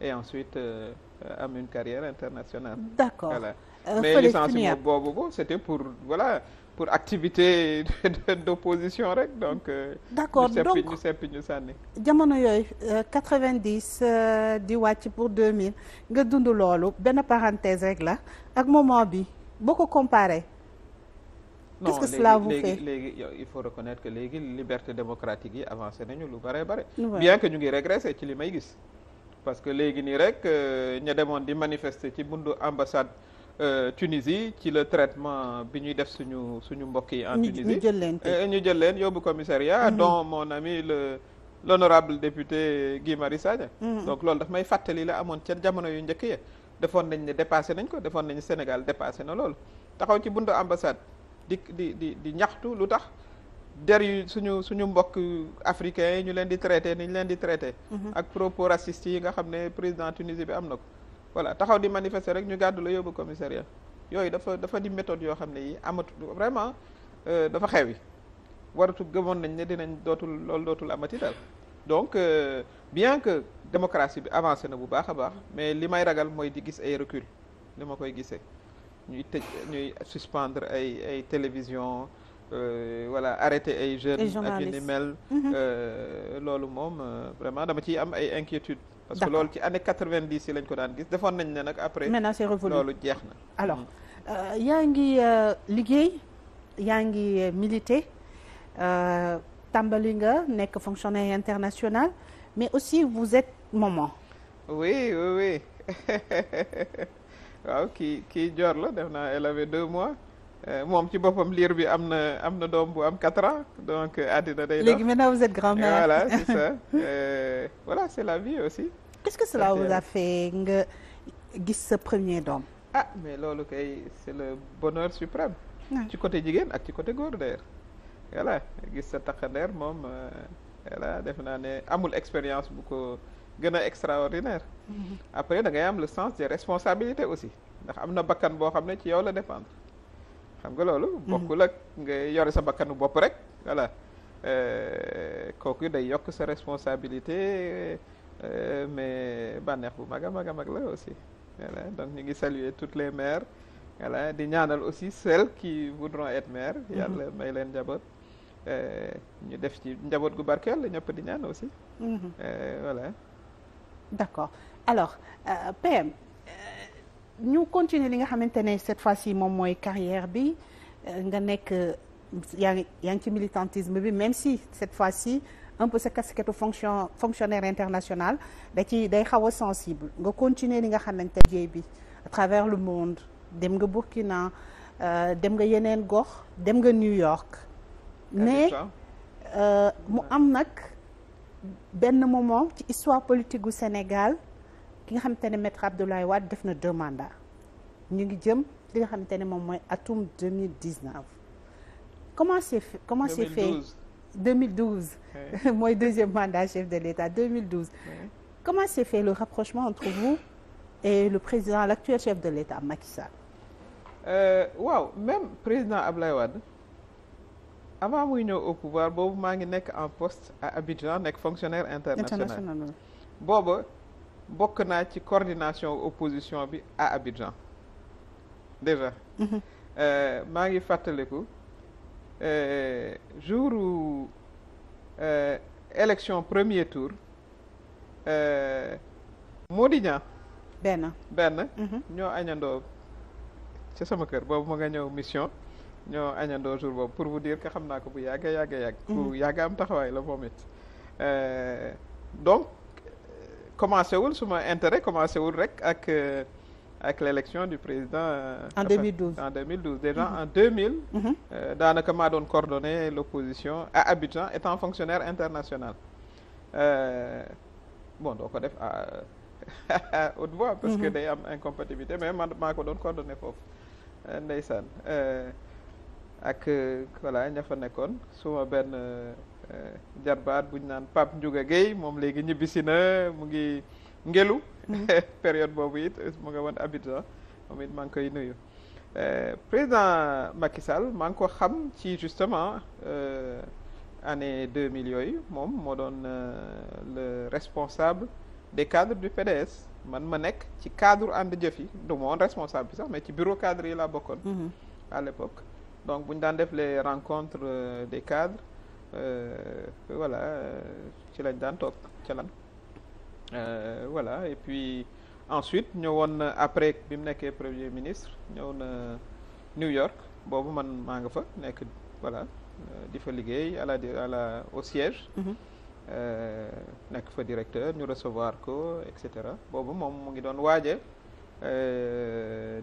et ensuite euh, am une carrière internationale. d'accord voilà. Euh, mais licenciement boobu boobu c'était pour voilà pour activité d'opposition rek donc. Euh, d'accord donc ñu seppi sànni.
jamono yooyu 90 euh, di wàcc pour 2000 nga dund loolu benn parenthèse rek la ak moment bi boo ko comparé. qu'est-ce que
léegi il faut reconnaître que léegi liberté démocratique yi avancé nañu lu bare bare bien que ñu ngi régressé ci li may gis parce que léegi nii rek euh, ña demoon di manifester ci bundu ambassade euh, Tunisie ci la traitement bi ñuy def suñu suñu mbokk yi en Tunisie euh, ñu jël leen yóbbu commissariat mm-hmm. dont mon ami le l'honorable député Guy Marius mm-hmm. donc loolu daf may fàttali la amoon ca jamono yu njëkk ya defoon nañ ne dépassé nañ ko defoon nañ Sénégal dépassé na loolu taxaw ci bundu ambassade dikk di di di ñaxtu lu tax der yu suñu suñu mbokk africains yi ñu leen di traité ni leen di traité mhm. ak propos racistes yi nga xam ne président Tunisie bi am na ko voilà taxaw di manifester rek ñu gàddu la yóbbu commissariat yooyu dafa dafa di méthode yoo xam ne yi amatu vraiment euh, dafa xew yi waratu gëmoon nañ ne dinañ dootul loolu dootul amati daal donc euh, bien que démocratie bi avancé na bu baax a baax mhm. mais li may ragal mooy di gis ay recul li ma koy gisee ñuy tëj ñuy suspendre ay ay télévision Euh, voilà arrêté ay jeunes ak yu ni mel mhm. euh, loolu moom euh, vraiment dama ciy am ay inquiétude parce que loolu ci année quatre-vingt-dix lañ ko daan gis defoon nañ ne nag après maintenant c'est révolu loolu jeex na
alors mhm. euh, yaa ngi liggéey yaa ngi milité tàmbali nga nekk fonctionnaire international mais aussi vous êtes maman
oui oui oui waaw kii kii Dior la def naa elle deux mois euh, moom ci boppam liir bi am na am na doom bu am quatre ans donc euh, àddina day. léegi maintenant vous êtes grand-mère voilà c'est ça euh, voilà c'est la vie
aussi. quest que cela vous a fait nga gis sa premier doom. ah
mais loolu kay c'est le bonheur suprême. ci côté jigéen ak ci côté góor d'ailleurs. voilà gis sa takkandeer moom euh, voilà def naa ne amul expérience bu ko. gën a extraordinaire mm-hmm. après da ngay am le sens des responsabilités aussi ndax am na bakkan boo xam ne ci yow la dépendre xam nga loolu mm-hmm. bokkul lag nga yore sa bakkanu bopp rek voilà euh, kooku day yokk sa responsabilité euh, mais bànneex bu mag a mag a mag la aussi voilà donc ñu ngi saluer toutes les maires voilà di ñaanal aussi celles qui voudront être mères mm-hmm. yàlla may leen njaboot euh, ñu def ci njaboot gu barkeel la ñëpp di ñaan aussi voilà
d'accord alors euh, PM euh, ñu continuer li nga xamante ne cette fois-ci moom mooy carrière bi euh, nga nekk euh, yaa ngi yaa ngi ci militantisme bi même si cette fois-ci un peu sa casquette fonctionnaire international da ci day xaw a sensible nga continuer li nga xamante jéey bi à travers le monde dem nga Burkina dem nga yeneen gox dem nga New York mais mu am nag benn moment ci histoire politique gu Sénégal ki nga xamante ne maître Abdoulaye Wade def na deux mandats ñu ngi jëm li nga xamante ne moom mooy atum 2019 comment c'est fait comment c'est fait 2012 oui. mooy deuxième mandat chef de l'État 2012 oui. comment s'est fait le rapprochement entre vous e le président l'actuel chef de l'État Macky Sall
euh, waaw même président Abdoulaye Wade avant muy ñëw au pouvoir boobu maa ngi nekk en poste à Abidjan nekk fonctionnaire international booba bokk naa ci coordination opposition bi à Abidjan déjà mhm. euh, maa ngi fàttaliku euh, jour où euh, élection premier tour Mody Niang benn benn mhm. ñoo añandoo ca sama kër boobu ma nga ñëw mission ñoo añandoo jour boobu pour vous dire que xam naa ko bu yàgg yàgg yàgg. bu mm-hmm. yàgg am taxawaay la moom it. Euh, donc commencé wul suma intérêt commencé wul rek ak euh, ak l' élection du président. Euh, en 2012 en 2012 déjà mm-hmm. en 2000. Mm-hmm. daanaka maa doon coordonné l' opposition à Abidjan étant fonctionnaire international. bon doo ko def à haute voix. parce que day am incompatibilité mais man maa ko doon coordonné foofu ndeysaan. ak euh, voilà ña fa nekkoon suma benn euh, jarbaat bu ñu naan Pape Ndiouga Guèye moom léegi ñibbisi na mu ngi ngelu mm-hmm. période boobu it mu nga woon Abidjan moom it maa ngi koy nuyu euh, président Macky Sall maa ngi ko xam ci justement année 2000 yooyu moom moo doon le responsable de cadres du PDS man ma nekk ci cadre ànd jëf yi du ma responsable sax mais ci bureau cadre yi la bokkoon mm-hmm. à l'époque donc bu ñu daan def les rencontres euh, des cadres euh, voilà euh, ci lañ daan toog ca lan voilà et puis ensuite ñëwoon na après bi mu nekkee premier ministre ñëw na New York boobu man maa nga fa nekk voilà di fa liggéey à la à la au siège. Mhm. nekk fa directeur ñu recevoir ko et cetera boobu moom mu ngi doon waaje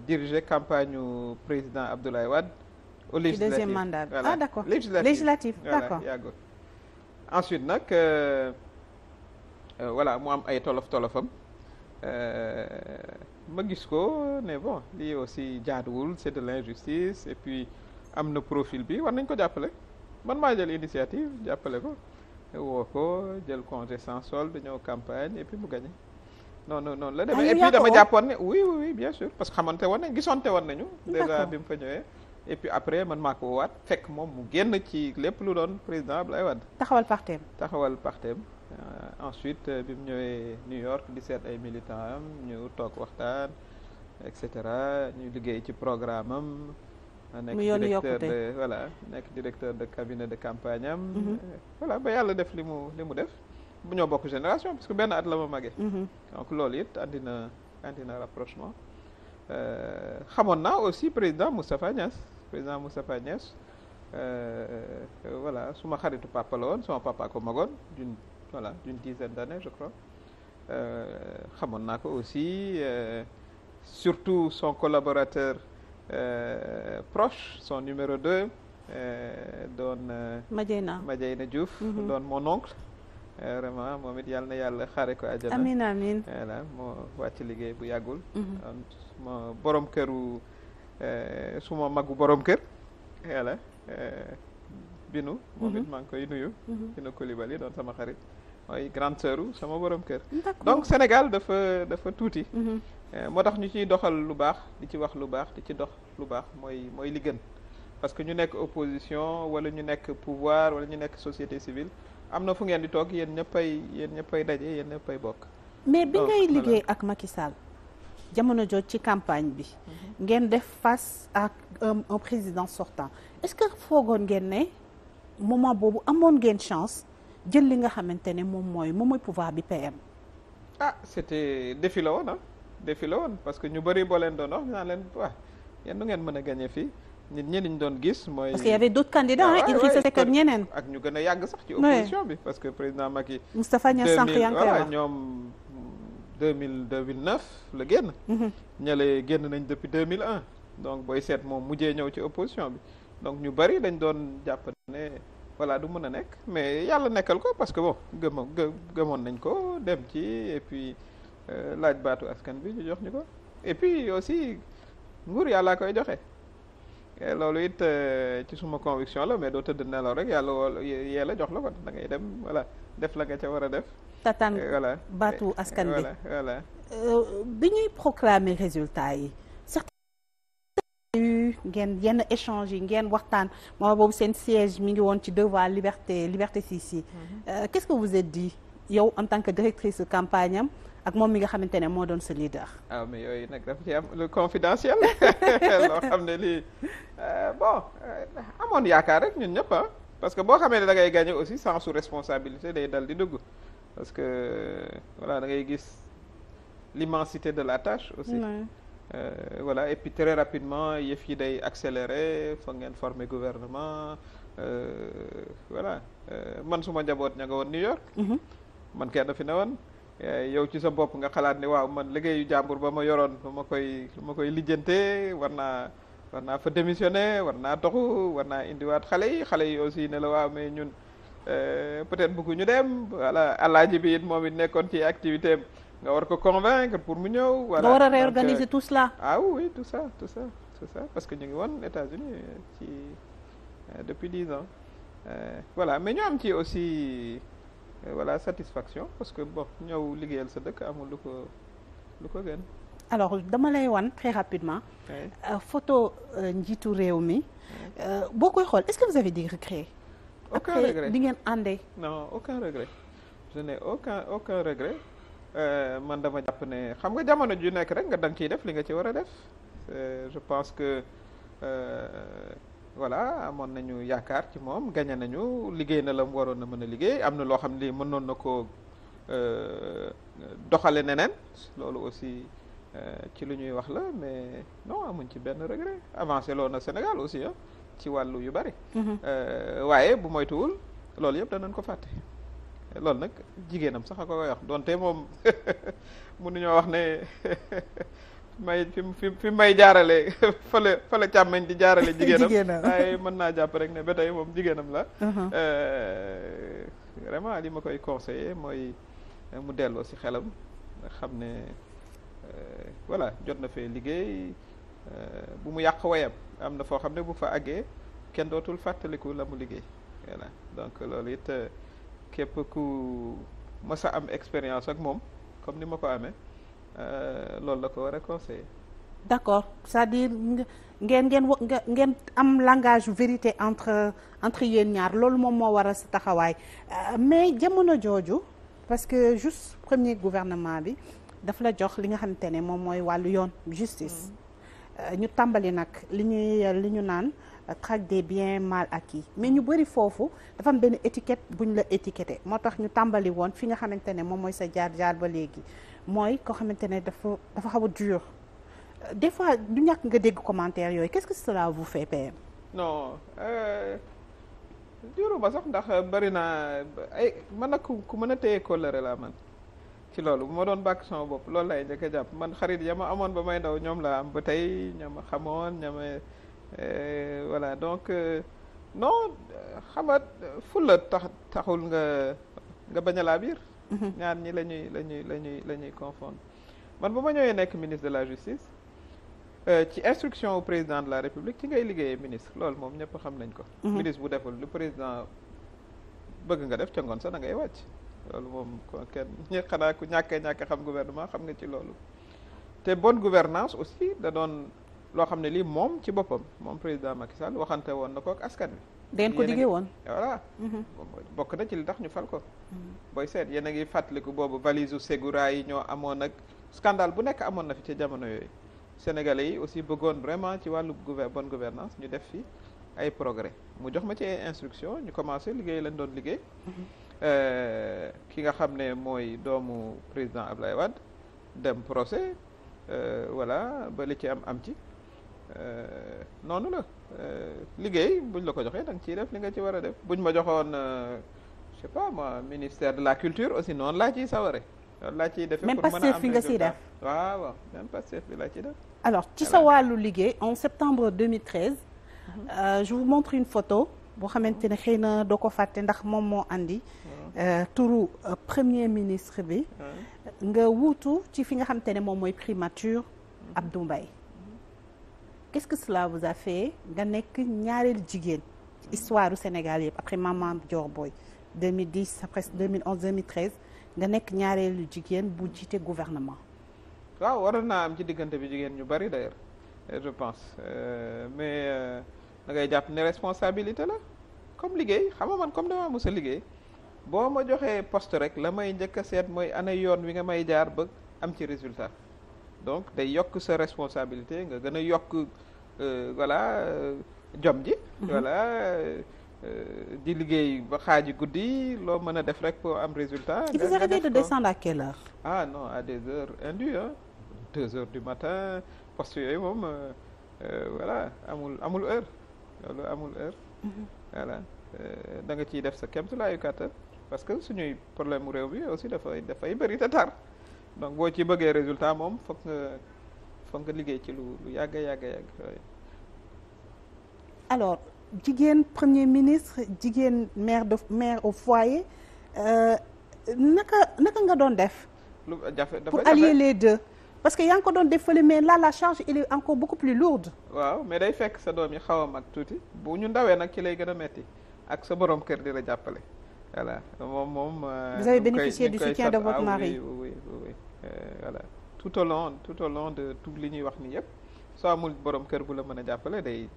diriger campagne u président Abdoulaye Wade. au législatif deuxième mandat bi voilà. ah d'accord législatif d'accord yàggul ensuite nag euh, euh, voilà mu am ay tolof tolofam euh, ma gis ko ne bon lii aussi jaaduwul c'est de l'injustice et puis am na profil bi war nañ ko jàppale man maa jël initiative jàppale ko woo ko jël congé sans solde ñëw campagne et puis mu gagné non non non la ah, demee et puis dama jàppoon ne oui oui oui bien sûr parce que xamante woon nañ gisonte woon nañu déjà bi mu fa ñëwee et après man maa ko woowaat fekk moom mu génn ci lépp lu doon président Ablaye Wade.
taxawal parteem
taxawal parteem euh, ensuite euh, bi mu ñëwee New York di seet ay militants am ñu toog waxtaan et cetera ñu liggéey ci programme am. mu yoonu yokkute nekk directeur de directeur de cabinet de campagne am. Mm-hmm. voilà ba yàlla def li mu li mu def. bu ñoo bokk génération parce que benn at la ma magee. Mm-hmm. donc loolu it andi na andi na rapprochement. Euh, xamoon naa aussi président Moustapha Niass. président Moustapha Niass euh, euh, euh, voilà suma xaritu papa la woon sama papa ko magoon d'une voilà d'une dizaine d'années je crois xamoon naa ko aussi surtout son collaborateur proche son numéro 2 doon Madjeyna Madjeyna Diouf mhm. doon mon oncle vraiment moom it yàlla na yàlla xaare ko àjjana amiin amiin voilà moo wàcc liggéey bu yàggul mhm. ma borom këru Eh, suma magu borom kër yàlla eh, binu moom it mhm. maa ngi koy nuyu mhm. binu Coulibaly doon sama xarit mooy grande sœur sama borom kër donc Sénégal dafa dafa tuuti mhm. eh, moo tax ñu ciy doxal lu baax di ci wax lu baax di ci dox lu baax mooy mooy li parce que ñu nekk opposition wala ñu nekk pouvoir wala ñu nekk société civile am na fu ngeen di toog yéen ñëppay yéen ñëppay daje yéen ñëppay bokk
mais bi ngay liggéey ak Macky jamono jooju ci campagne bi. Mhm. ngeen def face à euh, un président sortant est-ce que foogoon ngeen ne moment boobu amoon ngeen chance jël li nga xamante ne moom mooy moom mooy pouvoir bi PM.
ah c'était défi la woon ah défi la woon parce que ñu bëri boo leen doon wax naa leen waaw yéen nu ngeen mën a gagner fii. nit ñi ñu doon gis mooy. parce qu'il y avait d'autres candidats ah Idrissa ak ñu gën a yàgg sax ci opposition bi. parce que président Macky. Moustapha Niass sànq yaa ñoom. deux mille deux mille neuf la génn. Mhm. ñale génn nañ depuis deux mille un donc booy seet moom mujjee ñëw ci opposition bi donc ñu bari dañ doon jàpp ne voilà du mën a nekk mais yàlla nekkal ko parce que bon gëmo gëmoon nañ ko dem ci et puis euh, laaj baatu askan bi ñu jox ñu ko et aussi nguur yàllaa koy joxe. loolu it euh, ci suma conviction la mais doo tëdd nelaw rek yàlla woo yee la jox la ko da ngay dem voilà def la nga ca war a def. tataan eh, baatu eh, askan bi euh,
bi ñuy proclamer résultat yi ngeen yenn échange yi ngeen waxtaan moo boobu seen siège mi ngi woon ci devoir liberté liberté six yi mhm. euh, qu'est-ce que vous êtes dit yow en tant que directrice campagne am ak moom mi nga xamante ne moo doon sa leader
ah mais yooyu nag dafa ci am le confidentiel loo xam ne lii euh, bon amoon yaakaar rek ñun ñëpp ah. parce que boo xamee ne da ngay aussi sans sous responsabilité day dal di dugg parce que voilà da ngay gis l'immensité de la tâche aussi ouais. euh, voilà et puis très rapidement yëf yi day accéléré foog ngeen former gouvernement euh, voilà euh, man suma njaboot ña nga woon New York mhm. man kenn fi ne woon euh, yow ci sa bopp nga xalaat ni waaw man liggéeyu jàmbur ba ma yoroon lu ma koy lu ma koy lijjante war naa war naa fa démissionner war naa toxu war naa indiwaat xale yi xale yi aussi ne la waaw mais ñun Euh, peut-être bëgguñu dem voilà alaaji bi it moom it nekkoon ci activité am nga war ko convaincre pour mu ñëw. voilà nga war a réorganiser euh, tout cela. ah oui tout ça tout ça tout ça parce que ñu ngi woon états euh, depuis dix ans voilà mais ñu am ci aussi voilà satisfaction parce que bon ñëw liggéeyal sa dëkk amul lu ko lu ko gën.
alors dama lay wan très rapidement. photo njiitu réew mi. boo koy xool est-ce que vous avez des regrets. aucun regret après di ngeen àndee.
non aucun regret je n'ai aucun aucun regret euh, man dama jàpp ne xam nga jamono ju nekk rek nga da nga def li nga ci war a def euh, je pense que euh, voilà amoon nañu yaakaar ci moom gañe nañu liggéey na la mu waroon na mën a liggéey am na loo xam ne mënoon na ko doxale neneen loolu aussi ci lu ñuy wax la mais non amuñ ci benn regret avancé loo na Sénégal aussi ah. ci wàllu yu bari. Mm-hmm. Euh, waaye bu moytuwul loolu yëpp danañ ko fàtte. loolu nag jigéenam sax a ko koy wax donte moom mënuñoo wax ne may fi fi may jaarale fële fële càmmeñ di jaarale. jigéenam waaye mën naa jàpp rek ne ba tey moom jigéenam la. Uh-huh. Euh, vraiment li ma koy conseiller mooy mu delloo si xelam xam ne euh, voilà jot na fee liggéey bu mu yàq wayam. am na foo xam ne bu fa àggee kenn dootul fàttaliku la mu liggéey voilà donc loolu it euh, képp ku mës a am expérience ak moom comme ni ma ko amee euh, loolu la ko war a conseiller.
d'accord c'est-à-dire ngeen ngeen wa ngeen am langage vérité entre entre yéen ñaar loolu moom moo war a sa taxawaay euh, mais jamono jooju parce que juste premier gouvernement bi daf la jox li nga xamante ne moom mooy wàllu yoon justice. Mm-hmm. Euh, ñu tàmbali nag li ñuy li ñu naan euh, traque des biens mal acquis mais ñu bëri foofu dafa am benn étiquette buñ la étiqueté moo tax ñu tàmbali woon fi nga xamante ne moom mooy sa jaar jaar ba léegi mooy koo xamante ne dafa dafa xaw a dur euh, des fois du ñàkk nga dégg commentaire yooyu qu'est-ce que cela vous fait PM
non duru ba sax ndax bëri naa ay man nag ku mën a téye kóllëre laa man ci loolu bu ma doon bàkk sama bopp loolu lay njëkk a jàpp man xarit ya ma amoon ba may ndaw ñoom laa am ba tey ña ma xamoon ña ma euh, voilà donc euh, non xamat fulla tax taxul nga nga bañ laa biir mm-hmm. ñaar ñi la ñuy la ñuy la ñuy la ñuy confondre man bu ma ñëwee nekk ministre de la justice euh, ci instruction au président de la république ci ngay liggéeyee ministre loolu moom ñëpp xam nañ ko mm-hmm. ministre bu deful lu président bëgg nga def ca ngoon sa da wàcc loolu moom kenn xanaa ku ñàkk a xam gouvernement xam nga ci loolu te bon gouvernance aussi da doon loo xam ne lii moom ci boppam moom président Macky Sall waxante woon na ko ak askan wi.
den ko diggee woon
voilà. Mhm. bokk na ci li tax ñu fal ko. Mhm. booy seet yéen a ngi fàttaliku boobu valise u Ségura yi ñoo amoon ak scandale bu nekk amoon na fi ci jamono yooyu. Sénégalais yi aussi bëggoon vraiment ci wàllu gouver bonne gouvernance ñu def fi ay progrès mu jox ma ci ay instruction ñu commencé liggéey lañ doon liggéey. Mhm. Euh, ki nga xam ne mooy doomu président Ablaye Wade dem procès euh, voilà ba li ci am am ci euh, noonu la liggéey buñ la ko joxee da ci ciy def li nga ci war a def buñ ma joxoon je sais pas moi ministère de la culture aussi noon laa ciy saware loolu laa ciy defee pour mën a fi nga ciy def waaw waaw même Pastef bi laa ciy def.
alors ci sa wàllu liggéey en septembre 2013. Mhm. Euh, je vous montre une photo boo xamante ne xëy na doo ko fàtte ndax moom moo indi Euh, turu euh, premier ministre bi nga wuutu ci fi nga xamante ne moom mooy primature mm-hmm. du mbay qu'est-ce que cela vous a fait nga nekk ñaareelu jigéen ci histoire du Sénégal yëpp après Maman Dior Boye 2010 après 2011 2013 nga nekk ñaareelu jigéen bu jiite gouvernement
waaw waroon naa am ci diggante bi jigéen ñu bari d'ailleurs euh, je pense mais da jàpp ne responsabilité la comme liggéey xam nga man comme dama musa liggéey boo ma joxee poste rek la may njëkk a seet mooy ana yoon wi nga may jaar ba am ci résultat donc day yokk sa responsabilité nga gën a yokk euh, voilà euh, jom ji mhm. voilà euh, di liggéey ba xaaji guddi loo mën a def rek pour am résultat et vous de
descendre à quelle
ah non à des heures indues hein deux heures du matin poste yooyu moom voilà amul amul heure loolu amul heure mhm. voilà da nga ciy def sa kéemtulaayu kàttan parce que suñuy problème mu réew bi aussi dafay dafay bëri te tar donc boo ci bëggee résultat moom foog nga foog nga liggéey ci lu lu yàgg yàgg yàgg
alors jigéen premier ministre jigéen mère de mère au foyer euh, naka naka nga doon def.
lu jafe dafa allier
les deux. parce que yaa ngi ko doon def fële mais là la charge il est encore beaucoup plus lourde.
waaw mais day fekk sa doom yi xaw a mag tuuti bu ñu ndawee nag ci lay gën a metti ak sa borom kër di la jàppale. voilà moom moom. Euh, vous avez bénéficié du soutien de votre mari oui oui euh, tout au long tout au long de tout li ñuy wax ni yëpp soo amul borom kër bu la mën a jàppale day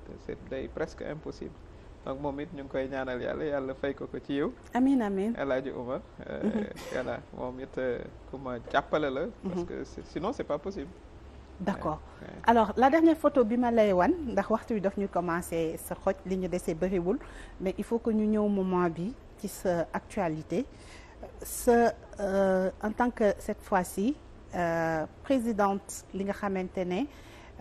day presque impossible donc moom it ñu ngi koy ñaanal yàlla yàlla fay ko ko ci yow. amiin amiin El Hadj Oumar. Euh, voilà moom it ku ma jàppale la. parce mhm. que sinon c'est pas possible.
d'accord alors la dernière photo bi ma lay wan ndax waxtu bi daf ñu commencé sa xoj li ñu dese bëriwul mais il faut que ñu ñëw moment bi. ci sa actualité sa euh, en tant que cette fois-ci euh, présidente li nga xamante ne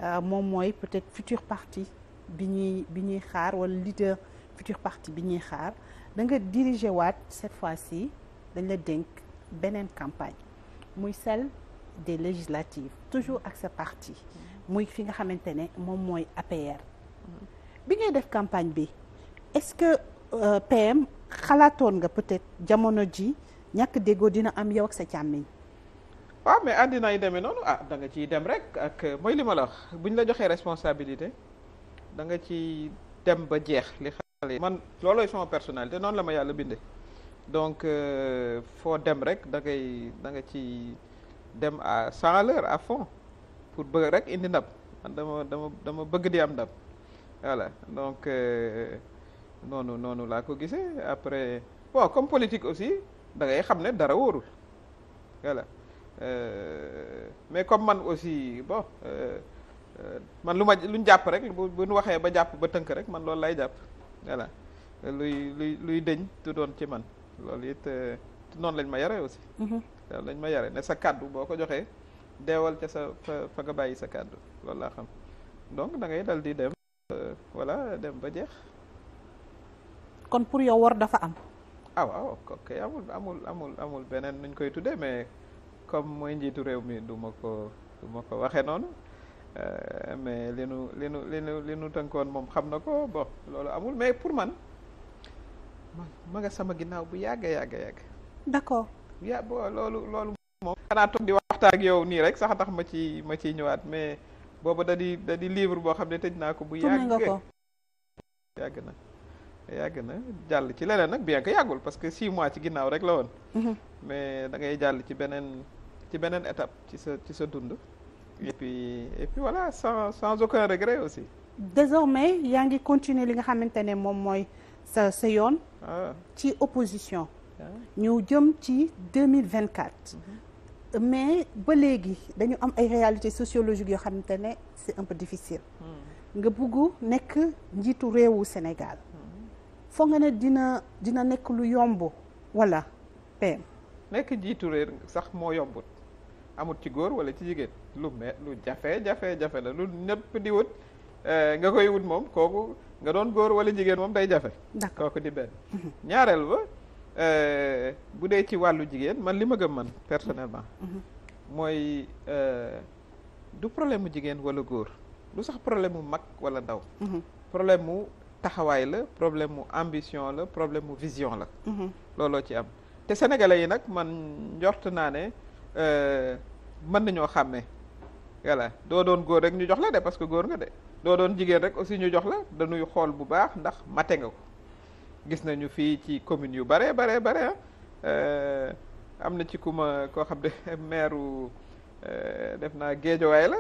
euh, moom mooy peut-être futur parti bi ñuy bi ñuy xaar wala leader futur parti bi ñuy xaar da nga diriger waat cette fois-ci dañ la dénk beneen campagne muy celle des législatives toujours ak sa parti muy fi nga xamante ne moom mooy APR mm-hmm. bi ngay def campagne bi est-ce que euh, PM xalaatoon nga peut jamono ji ñàkk déggoo dina am yow ak sa càmmiñ
waaw mais àddina yi demee noonu ah da nga ciy dem rek ak mooy li ma la wax bu ñu la joxee responsabilité da nga ci dem ba jeex li xale man loolooy sama personnalité noonu la ma yàlla bindee donc euh, foo dem rek da ngay da nga ci dem à cent l'heure à pour bëgg rek indi ndab man dama dama bëgg di am ndab voilà donc euh, noonu noonu laa ko gisee après bon comme politique aussi dangay xam ne dara wóorul voilà euh, mais comme man aussi bon euh, man lu ma luñ jàpp rek bu nu waxee ba jàpp ba tënk rek man loolu lay jàpp voilà luy luy luy dëñ du doon ci man loolu it euh, noonu lañ ma yare aussi mhm. loolu lañ ma yare ne sa kàddu boo ko joxee deewal ca sa fa fa nga bàyyi sa kàddu loolu laa xam donc da ngay dal di dem voilà dem ba jeex
kon pour yow war dafa am.
ah waaw ok amul amul amul amul beneen nuñ koy tuddee mais comme mooy njiitu réew mi du ma ko du ko waxee noonu euh, mais li nu li nu li nu li moom xam na ko bon loolu amul mais pour man ma nga sama ginnaaw bu yàgg yàgg yàgg. d'accord. ya loolu loolu moom. xanaa toog di waxtaan yow nii rek sax tax ma ci ma ciy ñëwaat mais boobu da di da di livre boo xam ne tëj naa ko. bu yàgg yàgg na. yàgg na jàll ci leneen nag bien que yàggul parce que six mois ci ginnaaw rek la woon. Mhm. mais da ngay jàll ci beneen ci beneen étape ci sa sa dund. et puis et puis voilà sans sans aucun regret aussi.
désormais yaa ngi continuer li nga xamante ne moom mooy sa sa yoon. Ah. ci opposition. Ah. ñu jëm ci deux mille vingt quatre. Mhm. mais ba léegi dañu am ay réalités sociologiques yoo xamante ne c'est un peu difficile. Hmm. nga bugg nekk njiitu réewu Sénégal. foog nga ne dina dina nekk lu yomb wala PM.
nekk jiitu réer sax moo yombut amut ci góor wala ci jigéen lu me lu jafe jafe jafe la lu ñëpp di wut eh, nga koy wut moom kooku nga doon góor wala jigéen moom day jafe. d'accord kooku di benn. Mhm. ñaareel ba eh, bu dee ci wàllu jigéen man li ma gëm man personnellement. Mhm. mooy eh, du problème mu jigéen wala góor lu sax problème mu mag wala ndaw. Mhm. problème mu taxawaay la problème mu ambition la problème mu vision la mhm. looloo ci am te sénégalais yi nag man njort naa ne euh, mën nañoo xàmmee voilà doo doon góor rek ñu jox la de parce que góor nga de doo doon jigéen rek aussi ñu jox la dañuy xool bu baax ndax mate nga ko gis nañu fii ci communes yu bare bare bare ah. euh, am na ci ku koo xam ne maire euh, def naa Géejawaay la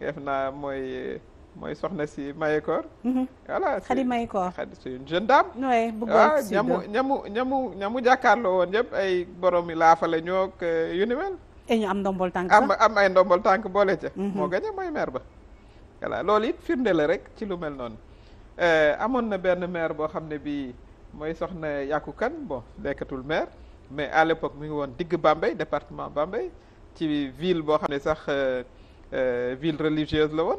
def naa mooy mooy soxna si Mayekor. Mhm. voilà Khady Mayekor c'est une jeune dame. oui bu ah, góor si ñamu ñamu ñamu ñamu jàkkaarloo woon yëpp ay borom yi laafa la ñoo euh, yu ni mel. et ñu am ndombol tànk am am ay ndombol tànk boole ca. Mhm. moo gañe mooy maire ba. voilà loolu it firnde la rek ci lu mel noonu euh, amoon na benn maire boo xam ne bii mooy soxna Yaku Kan bon nekkatul maire mais à l'époque mu ngi woon digg Bambey département Bambey ci ville boo xam ne sax euh, ville religieuse la woon.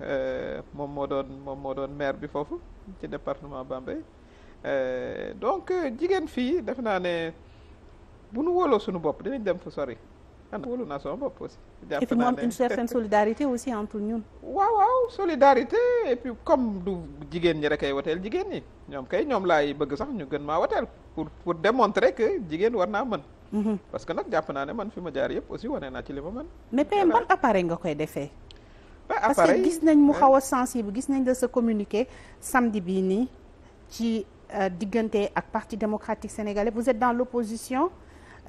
Euh, moom moo doon moom moo doon maire bi foofu ci département Bambey euh, donc jigéen fii def naa ne bu nu wóoloo suñu bopp dinañ dem fu sori. xanaa wóolu naa sama bopp aussi. jàpp naa ne une
solidarité aussi entre ñun. waaw waaw solidarité et du
jigéen ñi rek ay woteel jigéen ñi ñoom kay ñoom laay bëgg sax ñu gën maa woteel pour pour démontrer que jigéen war naa mën. Mhm. parce que nag jàpp naa ne man fi ma jaar yëpp aussi wane naa ci li ma
mën. mais PM nga koy defee. parce que gis nañ mu xaw a sensible gis nañ la sa communiqué samedi bii nii ci euh, diggante ak parti démocratique sénégalais vous êtes dans l'opposition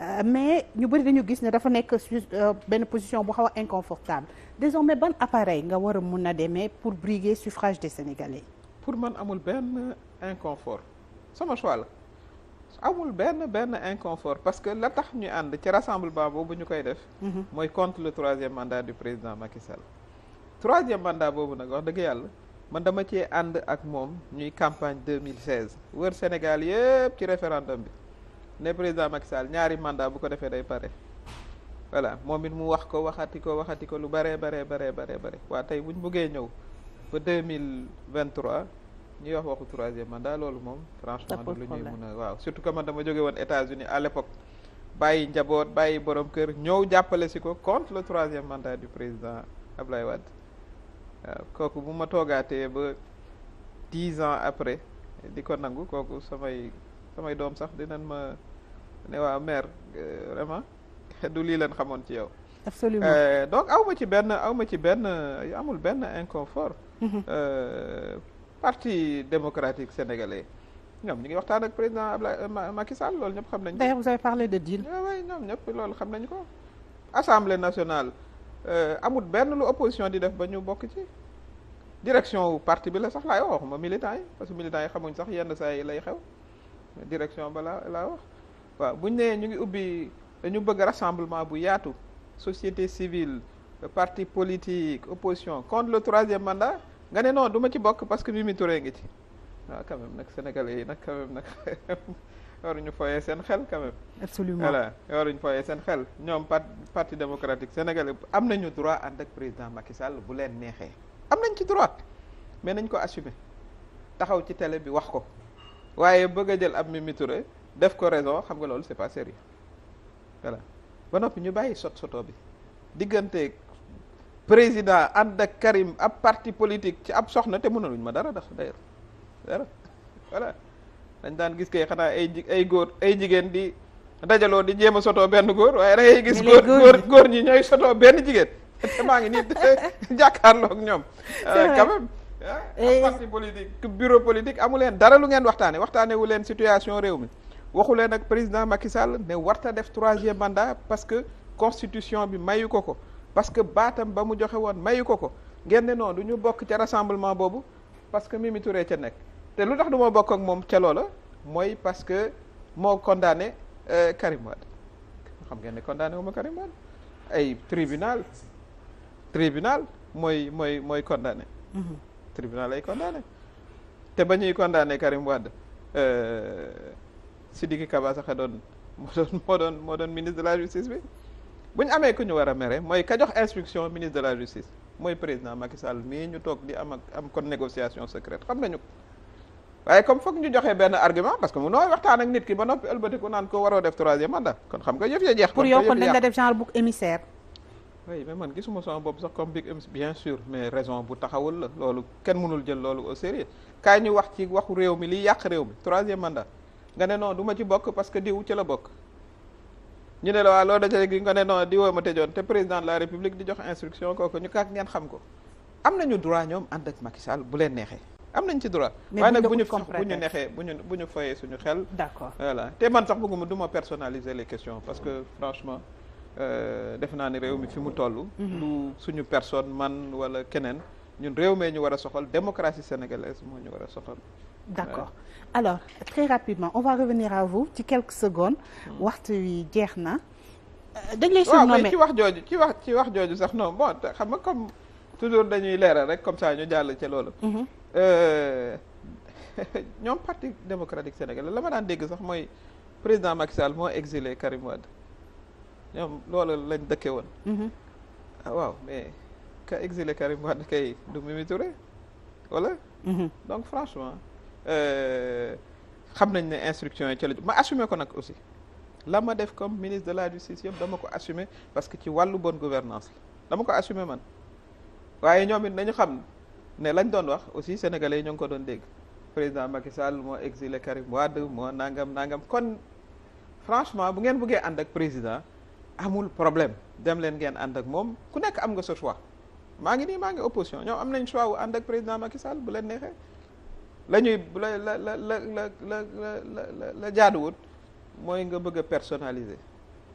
euh, mais ñu bëri dañu gis ne dafa nekk su euh, benn position bu xaw a inconfortable désormais ban appareil nga war a mun a demee pour briguer suffrage des sénégalais.
pour man amul benn inconfort sama choix la amul benn benn inconfort parce que la tax ñu ànd ci rassemblement boobu ñu koy def. Mhm. mooy contre le troisième mandat du président troisième mandat boobu nag wax dëgg yàlla man dama cee ànd ak moom ñuy campagne 2016 wër Sénégal yëpp ci référendum bi ne président Macky Sall ñaari mandat bu ko defee day pare voilà moom it mu wax ko waxati ko waxati ko lu baree baree baree baree bare waa tey bu ñu buggee ñëw ba 2023 ñuy wax waxu troisième mandat loolu moom franchement du lu ñuy mun a waaw surtout que man dama jóge woon États-Unis à l'époque bàyyi njaboot bàyyi borom kër ñëw jàppale si ko contre le troisième mandat du président Ablaye Wade waaw euh, kooku bu ma toogaatee ba dix ans après di ko nangu kooku samay samay doom sax dinañ ma ne maire mère euh, vraiment du lii leen xamoon ci yow. absolument euh, donc aw ma ci benn aw ma ci benn amul benn inconfort. Mhm. parti démocratique sénégalais ñoom ñu ngi waxtaan ak président Ablaye Macky Sall loolu ñëpp xam nañ ko. d'ailleurs vous avez parlé de deal. waaw ñoom ñëpp loolu xam nañu ko. assemblée nationale. Euh, amut benn lu opposition di def ba ñu bokk ci direction parti bi la sax laay wax ma militant yi parce que militant yi xamuñ sax yenn saa yi lay xew direction ba la laa wax waaw buñ nee ñu ngi ubbi dañu bëgg rassemblement bu yaatu société civile parti politique opposition contre le troisième mandat nga ne noonu du ma ci bokk parce que Mimi Touré ngi ci waaw quand nag sénégalais yi nag quand nag waruñu foyee seen xel quand même.
absolument voilà
waruñu foyee seen xel ñoom parti démocratique sénégalais am nañu droit ànd ak président Macky Sall bu leen neexee. am nañ ci droit mais nañ ko assumer taxaw ci télé bi wax ko waaye bëgg a jël ab Mimi Touré def ko raison xam nga loolu c'est pas sérieux voilà ba noppi ñu bàyyi sot soto bi diggante président ànd ak Karim ab parti politique ci ab soxna te mënaluñ ma dara dax d'ailleurs dara voilà. dañ daan gis kay xanaa ay ji ay góor ay jigéen di dajaloo di jéem a sotoo benn góor waaye da gis góor góor góor ñi ñooy sotoo benn jigéen te maa ngi nii jàkkaarloog ñoom euh, quand même parti politique bureau politique amu leen dara lu ngeen waxtaane waxtaane wu leen situation réew mi waxu leen ak président Macky Sall ne warta def troisième mandat parce que constitution bi mayu ko ko parce que baatam ba mu joxe woon mayu ko ko ngeen ne non du ñu bokk ca rassemblement boobu parce que Mimi Touré ca nekk te lu tax du bokk ak moom ca loola mooy parce que moo condamné euh, Karim xam ngeen ne condamné wu ma Karim Wade ay tribunal tribunal mooy mooy mooy condamné. Mhm. tribunal ay condamné te ba ñuy condamné Karim si euh, Sidiki Kaba sax doon moo doon moo doon moo doon ministre de la justice bi bu ñu amee ku ñu war a mere mooy ka jox instruction ministre de la justice mooy président Macky Sall mii ñu toog di am ak am kon négociation secrète xam nañu waaye comme foog ñu joxe benn argument parce que mu nooy waxtaan ak nit ki ba noppi ëlbatiku naan ko waroo def troisième mandat kon xam nga yëf ya jeex. pour yow kon dañ
def genre bouc émissaire.
mais raison bu taxawul la loolu kenn mënul jël loolu au sérieux kaay ñu wax ci waxu réew mi liy yàq réew mi troisième mandat nga ne non du ma ci bokk parce que diw ci la bokk ñu ne la waa loo dajale gi nga ne non diwoo ma tëjoon te président de la république di jox instruction kooku ñu kaak ngeen xam ko am nañu droit ñoom ànd ak Macky Sall bu leen am nañ ci droit. waaye bu ñu nexee bu ñu foyee suñu xel. d'accord voilà te man sax bëgguma du ma personnaliser les questions parce que franchement euh, def naa ne réew mi fi mu toll. Mhm. du suñu personne man wala keneen ñun réew mee ñu war a soxal démocratie sénégalaise moo ñu war a soxal.
d'accord alors très rapidement on va revenir à vous ci quelques secondes. Hmm. waxtu wi jeex na. Euh, dañ lay surnommer waaw ci wax
jooju ci wax ci wax jooju sax non bon xam nga comme toujours dañuy leeral rek comme ça ñu jàll ci loolu. Mhm. Euh, ñoom parti démocratique sénégalais la ma daan dégg sax mooy président Macky Sall moo exilé Karim Wade ñoom loolu lañ dëkke woon mhm. ah waaw mais ka exilé Karim Wade kay du Mimi Touré wala mhm. donc franchement euh, xam nañ ne instruction yi ci la ma assumé ko nag aussi la ma def comme ministre de la justice yëpp dama ko assumé parce que ci wàllu bon gouvernance la dama ko assumé man waaye ñoom it nañu xam ne lañ doon wax aussi sénégale yi ñoo ngi ko doon dégg président Macky Sall moo exilé Karim Wade moo nangam nangam kon franchement bu ngeen bëggee ànd ak président amul problème dem leen ngeen ànd ak moom ku nekk am nga sa choix maa ngi nii maa ngi opposition ñoom am nañ choix wu ànd ak président Macky Sall bu leen neexee la ñuy la la la la la la la jaaduwut mooy nga bëgg a personnaliser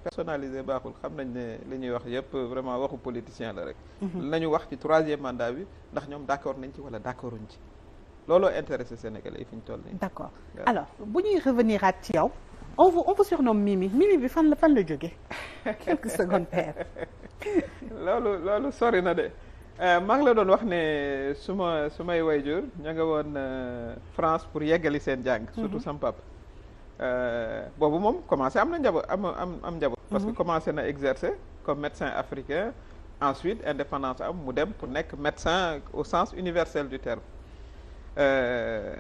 personnalisé baaxul xam nañ ne li ñuy wax yëpp vraiment waxu politicien la rek. Mhm. nañu wax ci troisième mandat bi ndax ñoom d' nañ ci wala d' accorduñ ci looloo intéressé Sénégalais yi fi ñu toll nii.
d' accord alors bu ñuy revenir at ci yow. on vous on vous surnomme Mimi Mimi bi fan la fan la jógee quelques secondes père.
loolu loolu sori na de euh, maa ngi la doon wax ne su ma su may wayjur ña nga woon euh, France pour yeggali seen jàng. surtout mhm. sam papa. Euh, boobu moom commencé am na njaboo am am am njaboot. Mhm. parce que commencé na exercer comme médecin africain ensuite indépendance am mu dem pour nekk médecin au sens universel du terme euh,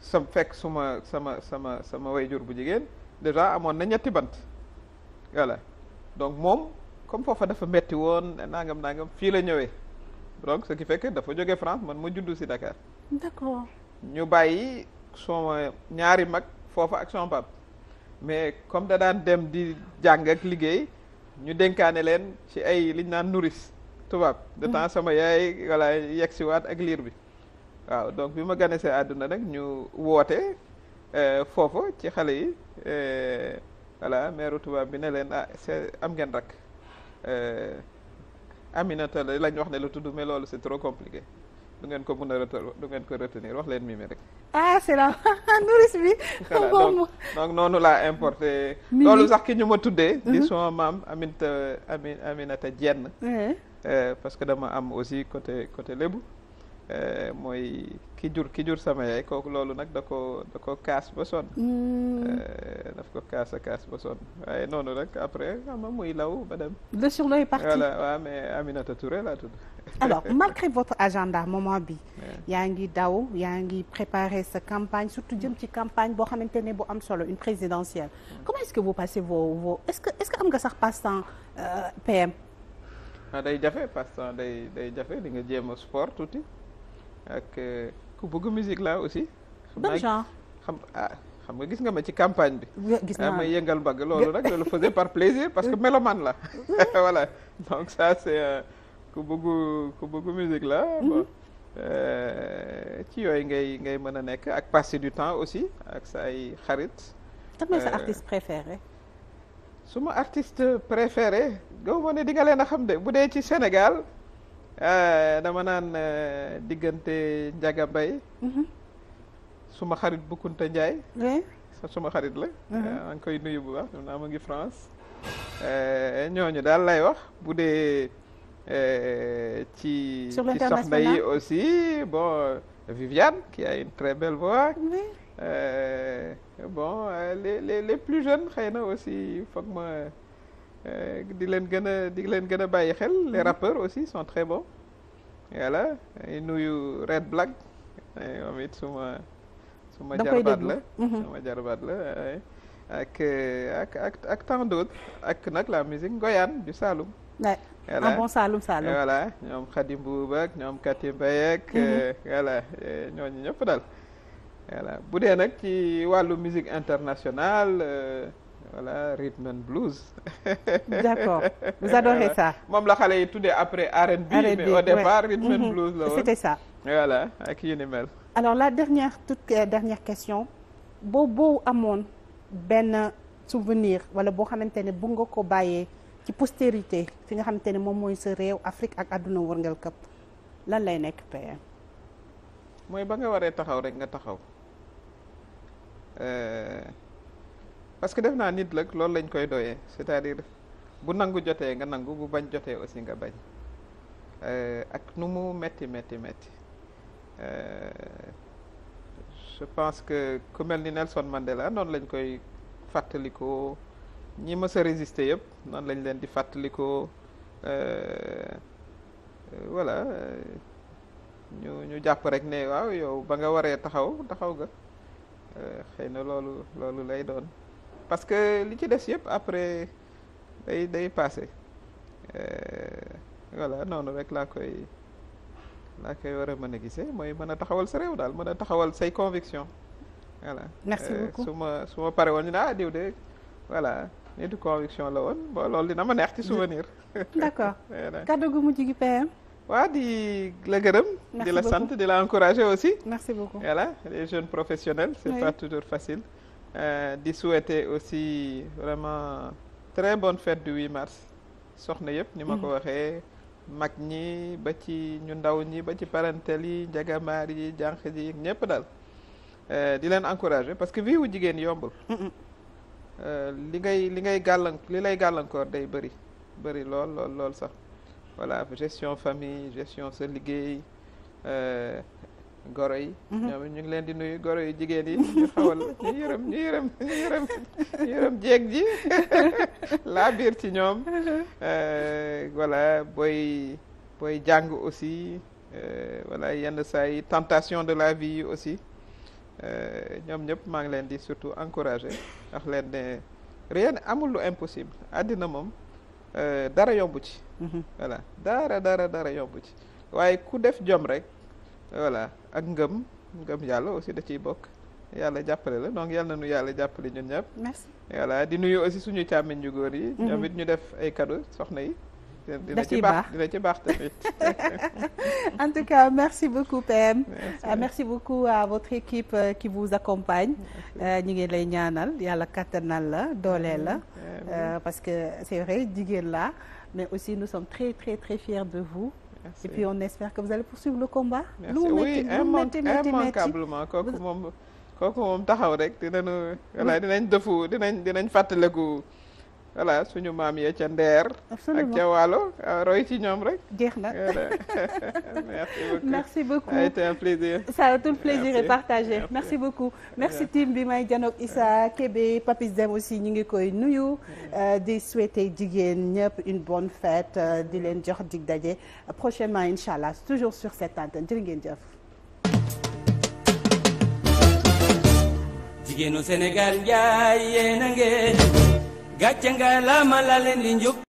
sam fekk suma sama sama sama wayjur bu jigéen déjà amoon na ñetti bant voilà donc moom comme foofa dafa metti woon nangam nangam fii la ñëwee donc ce qui fait dafa jóge France man ma juddu si Dakar. ñu bàyyi suma ñaari mag. foofa ak son mais comme da daan dem di jàng ak liggéey ñu dénkaane leen ci ay liñ naan nourrice tubaab de temps mm. sama yaay walla yegg si ak liir bi waaw donc bi ma ganesee àdduna nag ñu woote euh, foofu ci xale yi euh, voilà meeru tubaab bi ne leen ah c'est am ngeen rak euh, Aminata lañ wax ne la tudd mais loolu c'est trop compliqué du ngeen ko mën a du ngeen ko retenir wax leen mimi rek.
ah c'est la nourrice
donc noonu laa importé. loolu sax ki ñu ma tuddee. di mhm. sama maam Aminata Aminata Diène. Euh, parce que dama am aussi côté côté lébu. Euh, mooy ki jur ki jur sama yaay kooku loolu nag da ko da ko kaas ba sonn
mm.
euh, daf ko kaas a kaas ba sonn waaye noonu rek après xama mooy law ba dem
le surnom est parti voilà
waaw mais Aminata Touré laa tudd alors
malgré votre agenda moment bi yaa ngi daw yaa ngi préparer sa campagne surtout jëm ci campagne boo xam ne bu am solo une présidentielle comment est-ce que vous passez vos vos est-ce que est-ce que am nga sax passe-temps euh, PM
ah day jafe passe-temps day day jafe di nga jéem a sport tuuti ak euh, ku bëgg musique laa aussi. xam ah xam nga gis nga ma ci campagne bi. gis naa ah, may yëngal mbagg loolu rek loolu faisait par plaisir parce que mélomane la voilà donc ça c'est euh, ku bëgg ku bëgg musique la. Mhm. Euh, ci yooyu ngay ngay mën a nekk ak passer du temps aussi ak sa ay xarit. su ma artiste préféré. suma artiste ne di nga leen a xam de bu dee ci Sénégal. Euh, dama naan euh, diggante Ndiaga mhm. suma xarit bu Kunta Ndiaye suma xarit la mhm. euh, maa ngi koy nuyu bu baax dam naa ma ngi France ñooñu daal lay wax bu dee ci ci soxna yi aussi bon Viviane ki a une très belle voix oui. bon les les plus jeunes xëy na aussi foog ma Euh, di leen gën a di leen gën a bàyyi xel les mhm. rappeurs aussi sont très bons voilà nuyu Red Black moom it suma suma jarbaat la mhm. suma jarbaat la euh, ak ak ak ak ak nag la musique ngoyaan du Saloum voilà bon Saloum Saloum voilà ñoom Khady Mboup ñoom Katy Mbaye ak mhm. euh, ñooñu ñëpp daal voilà bu nag ci wàllu musique internationale voilà rhythm and blues. d'accord vous adorez ça. moom la xale yi tuddee après R&B. mais au départ rhythm and mhm. blues la woon c'était ça. voilà ak yu ni mel.
alors la dernière toute euh, dernière question boo amoon benn souvenir wala boo xamante ne bu nga ko bàyyee ci postérité fi nga xamante ne moom mooy sa réew Afrique ak àdduna wërngal këpp lan lay nekk PM.
mooy ba nga waree taxaw rek nga taxaw. Euh, parce que def naa nit nag loolu lañ koy doyee c'est-à-dire bu nangu jotee nga nangu bu bañ jotee aussi nga bañ euh, ak nu mu metti metti metti euh, je pense que ku mel ni Nelson Mandela noon lañ koy fàttalikoo ñi mës a résister yëpp noonu lañ leen di fàttalikoo euh, voilà ñu ñu jàpp rek ne waaw yow ba nga waree taxaw taxaw nga xëy na loolu loolu lay doon parce que li ci des yëpp après day day passé euh, voilà noonu rek laa koy laa koy war a mën a gisee mooy mën a taxawal sa réew daal mën a taxawal say conviction voilà merci euh, beaucoup su ma su ma pare woon ñu ne ah diw de voilà nitu conviction la woon bon loolu dina ma neex ci souvenir d'accord
kàddu gu mujj gi PM waa di
la gërëm di la sant di la encourager aussi merci beaucoup voilà les jeunes professionnels c'est oui. pas toujours facile Euh, di souhaiter aussi vraiment très bonne fête du 8 mars soxna yëpp ñu ma ko mm. waxee mag ñi ba ci ñu ndaw ñi ba ci parentel yi njagamaar yi jànq ji ñëpp daal euh, di leen encourager parce que vie wu jigéen yombul euh, li ngay li ngay gàllank li lay gàllankoor day bëri bëri lool lool lool sax voilà gestion famille gestion sa liggéey goro yi mhm. ñoom ñu ngi leen di nuyu goro yi jigéen yi ñu xawal ñu yërëm ñu yërëm ñu yërëm ñu ji laa biir ci ñoom mhm. euh, voilà booy booy jàng aussi euh, voilà yenn saa yi de la vie yi aussi euh, ñoom ñëpp maa ngi leen di surtout encourager wax leen ne rien amul lu impossible àddina moom dara yomb ci mhm. voilà dara dara dara yomb ci waaye ku def jom rek voilà ak ngëm ngëm yàlla aussi da ciy bokk yàlla jàppale la donc yàlla na nu yàlla jàppale ñun ñëpp. merci voilà di nuyu aussi suñu càmmiñ yu góor yi. Mhm. ñoom ñu def ay kado soxna yi. dina ci baax dina ci baax tamit.
en tout cas merci beaucoup PM. Ah, merci. beaucoup à votre équipe euh, qui vous accompagne. Euh, ñu ngi lay ñaanal yàlla kattanal la dooleel la. Mhm. Euh, parce que c'est vrai jigéen la mais aussi nous sommes très très très fiers de vous. Merci. Ah, et puis on espère que vous allez poursuivre le combat. lu mu métti lu mu métti métti immanquablement
kooku moom kooku moom taxaw rek dinañu. voilà dinañ dëfu dinañ dinañ fàttaliku. voilà suñu maam yee ca Ndeer. ak ca Waalo euh, roy
ci ñoom rek. jeex merci beaucoup ça a
été un plaisir.
ça tout le merci beaucoup. merci team bi may janoog Issa Kébé Papis Dem aussi ñu ngi koy nuyu. Euh, di souhaiter jigéen ñëpp une bonne fête euh, di leen jox dig daje prochainement incha allah toujours sur cette antenne jërë ngeen jëf.
jigéenu Sénégal njaay yéen gàcce nga la ma la leen di njub